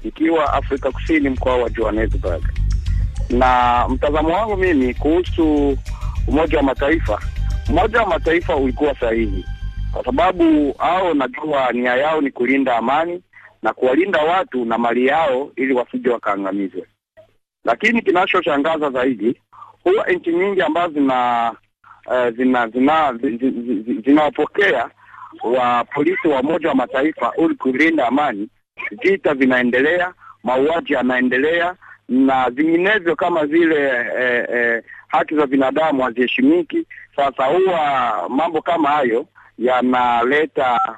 ikiwa Afrika Kusini, mkoa wa Johannesburg, na mtazamo wangu mimi kuhusu Umoja wa Mataifa, Umoja wa Mataifa ulikuwa sahihi kwa sababu hao, najua nia yao ni kulinda amani na kuwalinda watu na mali yao ili wasije wakaangamizwe. Lakini kinachoshangaza zaidi, huwa nchi nyingi ambazo zina uh, eh, zina zinawapokea zina, zina wa polisi wa Umoja wa Mataifa ili kulinda amani, vita vinaendelea, mauaji yanaendelea na vinginevyo kama vile eh, eh, haki za binadamu haziheshimiki. Sasa huwa mambo kama hayo yanaleta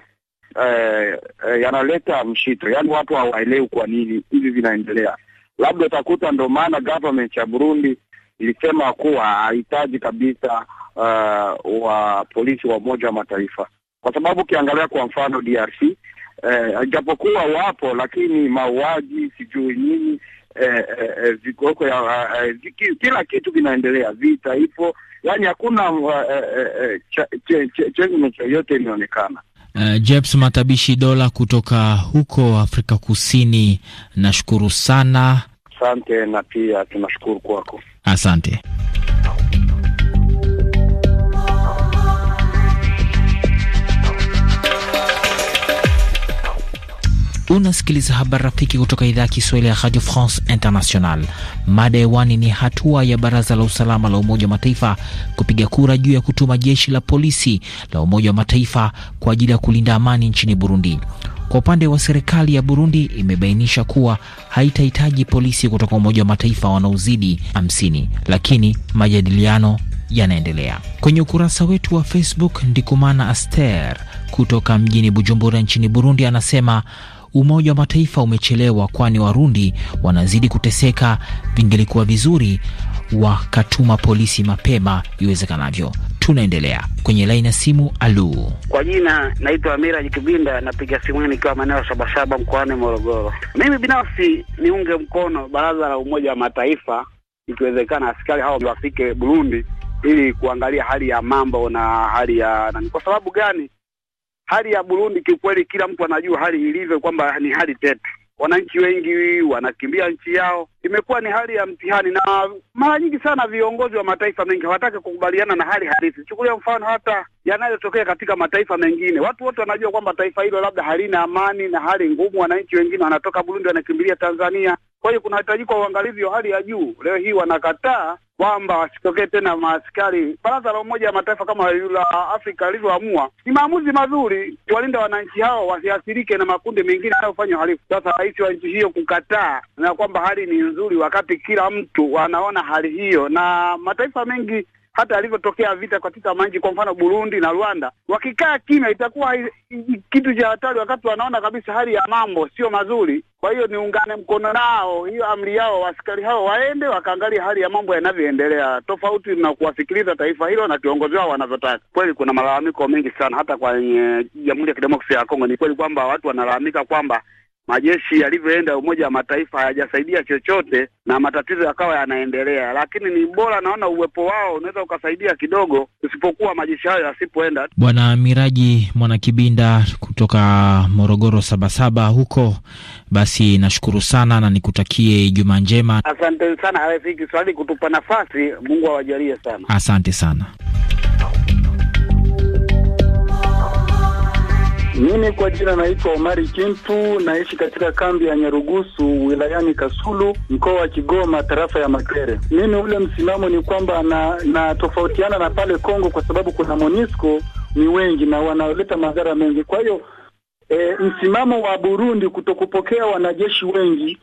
eh, eh, yanaleta mshito, yaani watu hawaelewi kwa nini hivi vinaendelea. Labda utakuta ndo maana government ya Burundi ilisema kuwa hahitaji kabisa uh, wa polisi wa Umoja wa Mataifa kwa sababu ukiangalia kwa mfano DRC eh, japokuwa wapo lakini mauaji sijui nini eh, eh, vikoko ya eh, ziki, kila kitu kinaendelea, vita ipo, yaani hakuna eh, eh, ch eh, eh, ch ch ch ch ch yoyote imeonekana. Uh, Jeps Matabishi Dola kutoka huko Afrika Kusini, nashukuru sana. Asante na pia tunashukuru kwako, asante. Unasikiliza habari rafiki kutoka idhaa ya Kiswahili ya Radio France International. Mada hewani ni hatua ya Baraza la Usalama la Umoja wa Mataifa kupiga kura juu ya kutuma jeshi la polisi la Umoja wa Mataifa kwa ajili ya kulinda amani nchini Burundi. Kwa upande wa serikali ya Burundi imebainisha kuwa haitahitaji polisi kutoka Umoja wa Mataifa wanaozidi 50 lakini majadiliano yanaendelea. Kwenye ukurasa wetu wa Facebook, Ndikumana Aster kutoka mjini Bujumbura nchini Burundi anasema Umoja wa Mataifa umechelewa, kwani Warundi wanazidi kuteseka. Vingelikuwa vizuri wakatuma polisi mapema iwezekanavyo. Tunaendelea kwenye laini ya simu. Alu, kwa jina naitwa Amira Jikibinda, napiga simu nikiwa maeneo Sabasaba mkoani Morogoro. Mimi binafsi niunge mkono baraza la Umoja wa Mataifa, ikiwezekana askari hao wafike Burundi ili kuangalia hali ya mambo na hali ya nani. Kwa sababu gani? Hali ya Burundi kiukweli, kila mtu anajua hali ilivyo kwamba ni hali tete. Wananchi wengi wanakimbia nchi yao, imekuwa ni hali ya mtihani, na mara nyingi sana viongozi wa mataifa mengi hawataki kukubaliana na hali halisi. Chukulia mfano hata yanayotokea katika mataifa mengine, watu wote wanajua kwamba taifa hilo labda halina amani na hali ngumu. Wananchi wengine wanatoka Burundi wanakimbilia Tanzania, kwa hiyo kunahitajika uangalizi wa hali ya juu. Leo hii wanakataa kwamba wasitokee tena maaskari. Baraza la Umoja wa Mataifa kama la Afrika lilivyoamua ni maamuzi mazuri, walinda wananchi hao wasiathirike na makundi mengine yanayofanya uhalifu. Sasa rais wa nchi hiyo kukataa na kwamba hali ni nzuri, wakati kila mtu anaona hali hiyo, na mataifa mengi hata alivyotokea vita katika manji kwa mfano Burundi na Rwanda, wakikaa kimya itakuwa kitu cha hatari, wakati wanaona kabisa hali ya mambo sio mazuri. Kwa hiyo niungane mkono nao, hiyo amri yao, askari hao waende wakaangalia hali ya mambo yanavyoendelea, tofauti na kuwasikiliza taifa hilo na kiongozi wao wanavyotaka. Kweli kuna malalamiko mengi sana, hata kwenye eh, Jamhuri ya Kidemokrasia ya Kongo. Ni kweli kwamba watu wanalalamika kwamba majeshi yalivyoenda Umoja wa Mataifa hayajasaidia chochote, na matatizo yakawa yanaendelea. Lakini ni bora, naona uwepo wao unaweza ukasaidia kidogo, usipokuwa majeshi hayo yasipoenda. Bwana Miraji Mwanakibinda kutoka Morogoro Sabasaba huko, basi nashukuru sana na nikutakie Ijumaa njema. Asante sana RFI Kiswahili kutupa nafasi. Mungu awajalie sana, asante sana. Mimi kwa jina naitwa Omari Kintu, naishi katika kambi ya Nyarugusu wilayani Kasulu, mkoa wa Kigoma, tarafa ya Makere. Mimi ule msimamo ni kwamba natofautiana na, na pale Kongo kwa sababu kuna monisco ni wengi na wanaoleta madhara mengi. Kwa hiyo e, msimamo wa Burundi kutokupokea wanajeshi wengi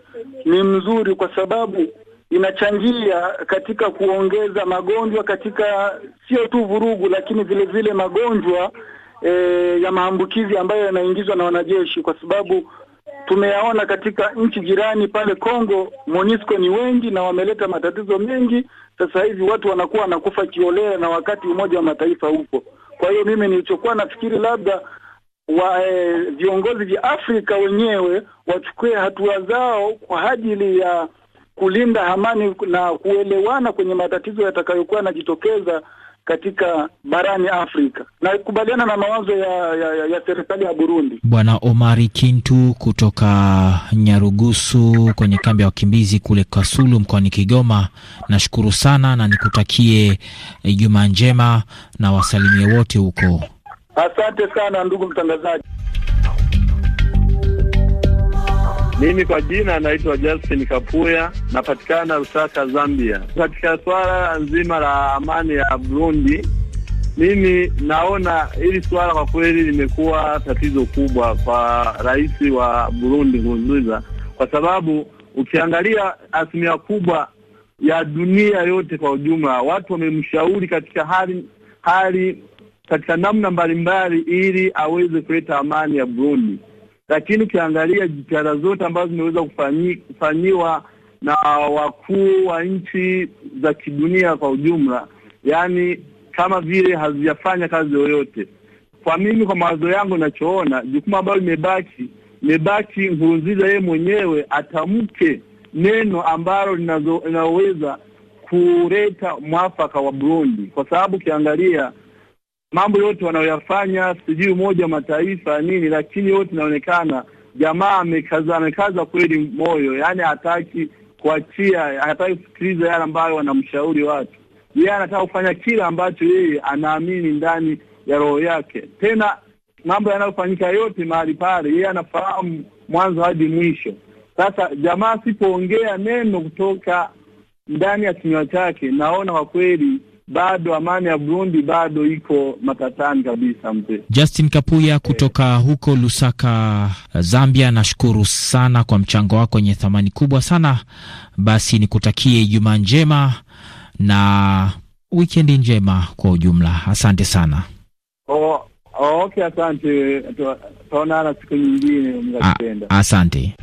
ni mzuri kwa sababu inachangia katika kuongeza magonjwa katika sio tu vurugu, lakini vile vile magonjwa e, ya maambukizi ambayo yanaingizwa na wanajeshi, kwa sababu tumeyaona katika nchi jirani pale Kongo. MONUSCO ni wengi na wameleta matatizo mengi. Sasa hivi watu wanakuwa wanakufa kiolea, na wakati Umoja wa Mataifa upo. Kwa hiyo mimi nilichokuwa nafikiri labda wa e, viongozi vya Afrika wenyewe wachukue hatua zao kwa ajili ya kulinda amani na kuelewana kwenye matatizo yatakayokuwa yanajitokeza katika barani Afrika. Nakubaliana na mawazo ya, ya, ya serikali ya Burundi. Bwana Omari Kintu kutoka Nyarugusu kwenye kambi ya wakimbizi kule Kasulu mkoani Kigoma, nashukuru sana na nikutakie Ijumaa njema na wasalimie wote huko. Asante sana ndugu mtangazaji. Mimi kwa jina naitwa Justin Kapuya, napatikana Lusaka, Zambia. Katika swala nzima la amani ya Burundi, mimi naona hili swala kwa kweli limekuwa tatizo kubwa kwa rais wa Burundi Nkurunziza, kwa sababu ukiangalia asilimia kubwa ya dunia yote kwa ujumla, watu wamemshauri katika hali hali katika namna mbalimbali, ili aweze kuleta amani ya Burundi lakini ukiangalia jitihada zote ambazo zimeweza kufanyiwa na wakuu wa nchi za kidunia kwa ujumla, yani kama vile hazijafanya kazi yoyote. Kwa mimi, kwa mawazo yangu, nachoona jukumu ambalo limebaki imebaki Nkurunziza yeye mwenyewe atamke neno ambalo linaweza kuleta mwafaka wa Burundi, kwa sababu ukiangalia mambo yote wanayoyafanya, sijui Umoja wa Mataifa nini, lakini yote inaonekana jamaa amekaza, amekaza kweli moyo, yaani hataki kuachia, hataki kusikiliza yale ambayo wanamshauri watu. Yeye anataka kufanya kile ambacho yeye anaamini ndani ya roho yake. Tena mambo yanayofanyika yote mahali pale, yeye anafahamu mwanzo hadi mwisho. Sasa jamaa asipoongea neno kutoka ndani ya kinywa chake, naona kwa kweli bado amani ya Burundi bado iko matatani kabisa. Mzee Justin Kapuya eh. kutoka huko Lusaka, Zambia, nashukuru sana kwa mchango wako wenye thamani kubwa sana. Basi nikutakie Ijumaa njema na wikendi njema kwa ujumla. Asante sana. Oh, oh, okay, asante. Tuonana siku nyingine, Mungu Asante.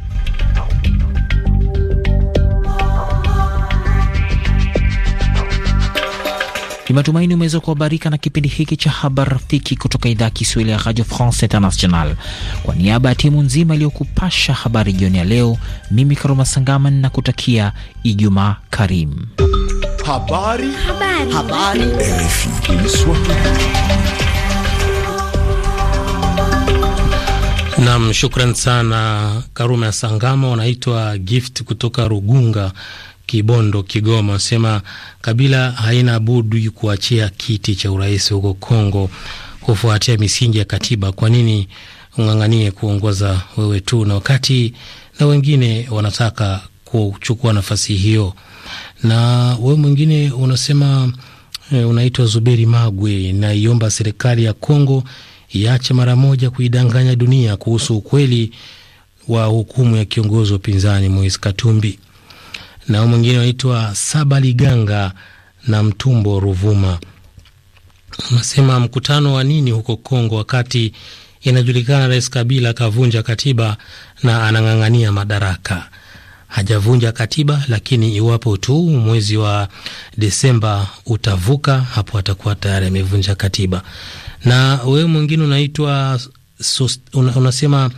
Ni matumaini umeweza kuhabarika na kipindi hiki cha habari rafiki kutoka idhaa ya Kiswahili ya Radio France International. Kwa niaba ya timu nzima iliyokupasha habari jioni ya leo, mimi Karuma Sangama ninakutakia Ijumaa karimu. habari. Habari. Habari. Nam, shukran sana Karume ya Sangama. Wanaitwa Gift kutoka Rugunga. Kibondo, Kigoma, wanasema Kabila haina budi kuachia kiti cha urais huko Kongo kufuatia misingi ya katiba. Kwa nini ung'ang'anie kuongoza wewe tu, na wakati na wengine wanataka kuchukua nafasi hiyo? Na wewe mwingine unasema e, unaitwa Zuberi Magwe, naiomba serikali ya Kongo iache mara moja kuidanganya dunia kuhusu ukweli wa hukumu ya kiongozi wa upinzani Moise Katumbi na mwingine anaitwa Sabaliganga na Mtumbo Ruvuma. Unasema mkutano wa nini huko Kongo wakati inajulikana Rais Kabila kavunja katiba na anang'ang'ania madaraka. Hajavunja katiba, lakini iwapo tu mwezi wa Desemba utavuka, hapo atakuwa tayari amevunja katiba. Na wewe mwingine unaitwa unasema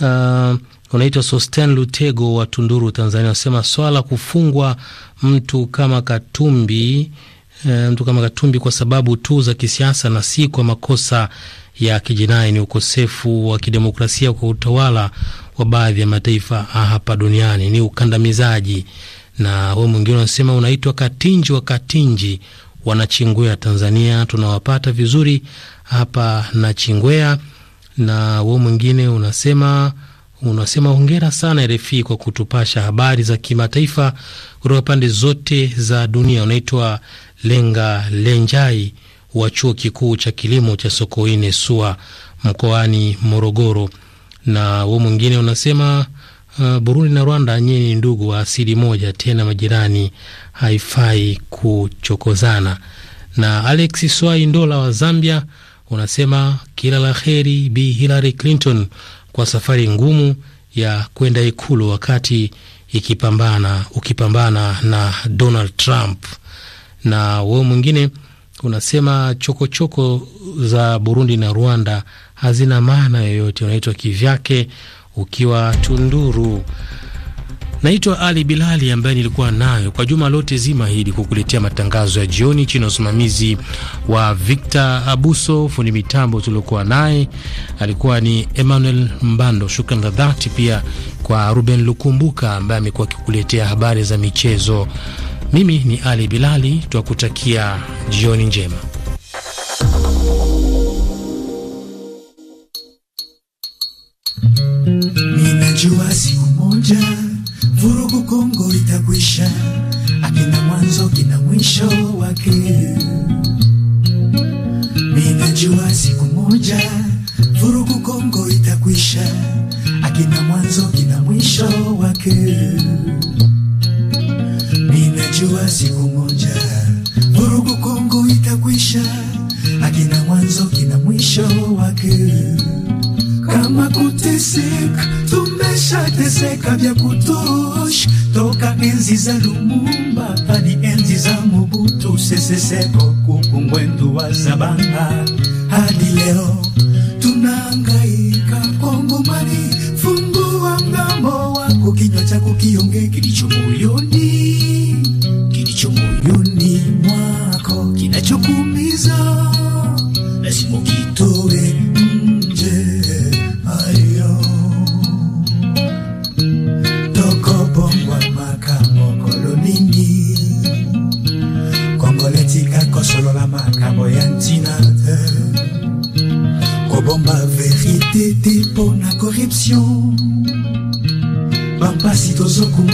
uh, wanaitwa Sosten Lutego wa Tunduru, Tanzania, wanasema swala kufungwa mtu kama Katumbi e, mtu kama Katumbi kwa sababu tu za kisiasa na si kwa makosa ya kijinai ni ukosefu wa kidemokrasia kwa utawala wa baadhi ya mataifa hapa duniani, ni ukandamizaji. Na huyo mwingine wanasema unaitwa Katinji wa Katinji wanachingwea Tanzania, tunawapata vizuri hapa na Chingwea. Na huo mwingine unasema unasema hongera sana RFI kwa kutupasha habari za kimataifa kutoka pande zote za dunia. Unaitwa Lenga Lenjai wa chuo kikuu cha kilimo cha Sokoine SUA mkoani Morogoro. Na huo mwingine unasema uh, Burundi na Rwanda nyie ni ndugu wa asili moja, tena majirani, haifai kuchokozana. Na Alex Swai Ndola wa Zambia unasema kila la heri Bi Hillary Clinton kwa safari ngumu ya kwenda ikulu wakati ikipambana ukipambana na Donald Trump. Na wao mwingine unasema chokochoko choko za Burundi na Rwanda hazina maana yoyote, unaitwa kivyake ukiwa tunduru. Naitwa Ali Bilali ambaye nilikuwa nayo kwa juma lote zima hili kukuletea matangazo ya jioni chini ya usimamizi wa Victor Abuso. Fundi mitambo tuliokuwa naye alikuwa ni Emmanuel Mbando. Shukran za dhati pia kwa Ruben Lukumbuka ambaye amekuwa akikuletea habari za michezo. Mimi ni Ali Bilali, twakutakia jioni njema. Ninajua siku moja vurugu Kongo itakwisha, akina mwanzo kina mwisho wake. Ninajua siku moja vurugu Kongo itakwisha, akina mwanzo kina mwisho wake. Ninajua siku moja vurugu Kongo itakwisha, akina mwanzo kina mwisho wake. Kama kuteseka tu tunateseka vya kutosha toka enzi za Lumumba hadi enzi za Mobutu Sese Seko Kuku Ngbendu wa Zabanga hadi leo tunahangaika. Kongomani, fungua mdomo wako, kinywa chako kionge kilicho moyoni gozo com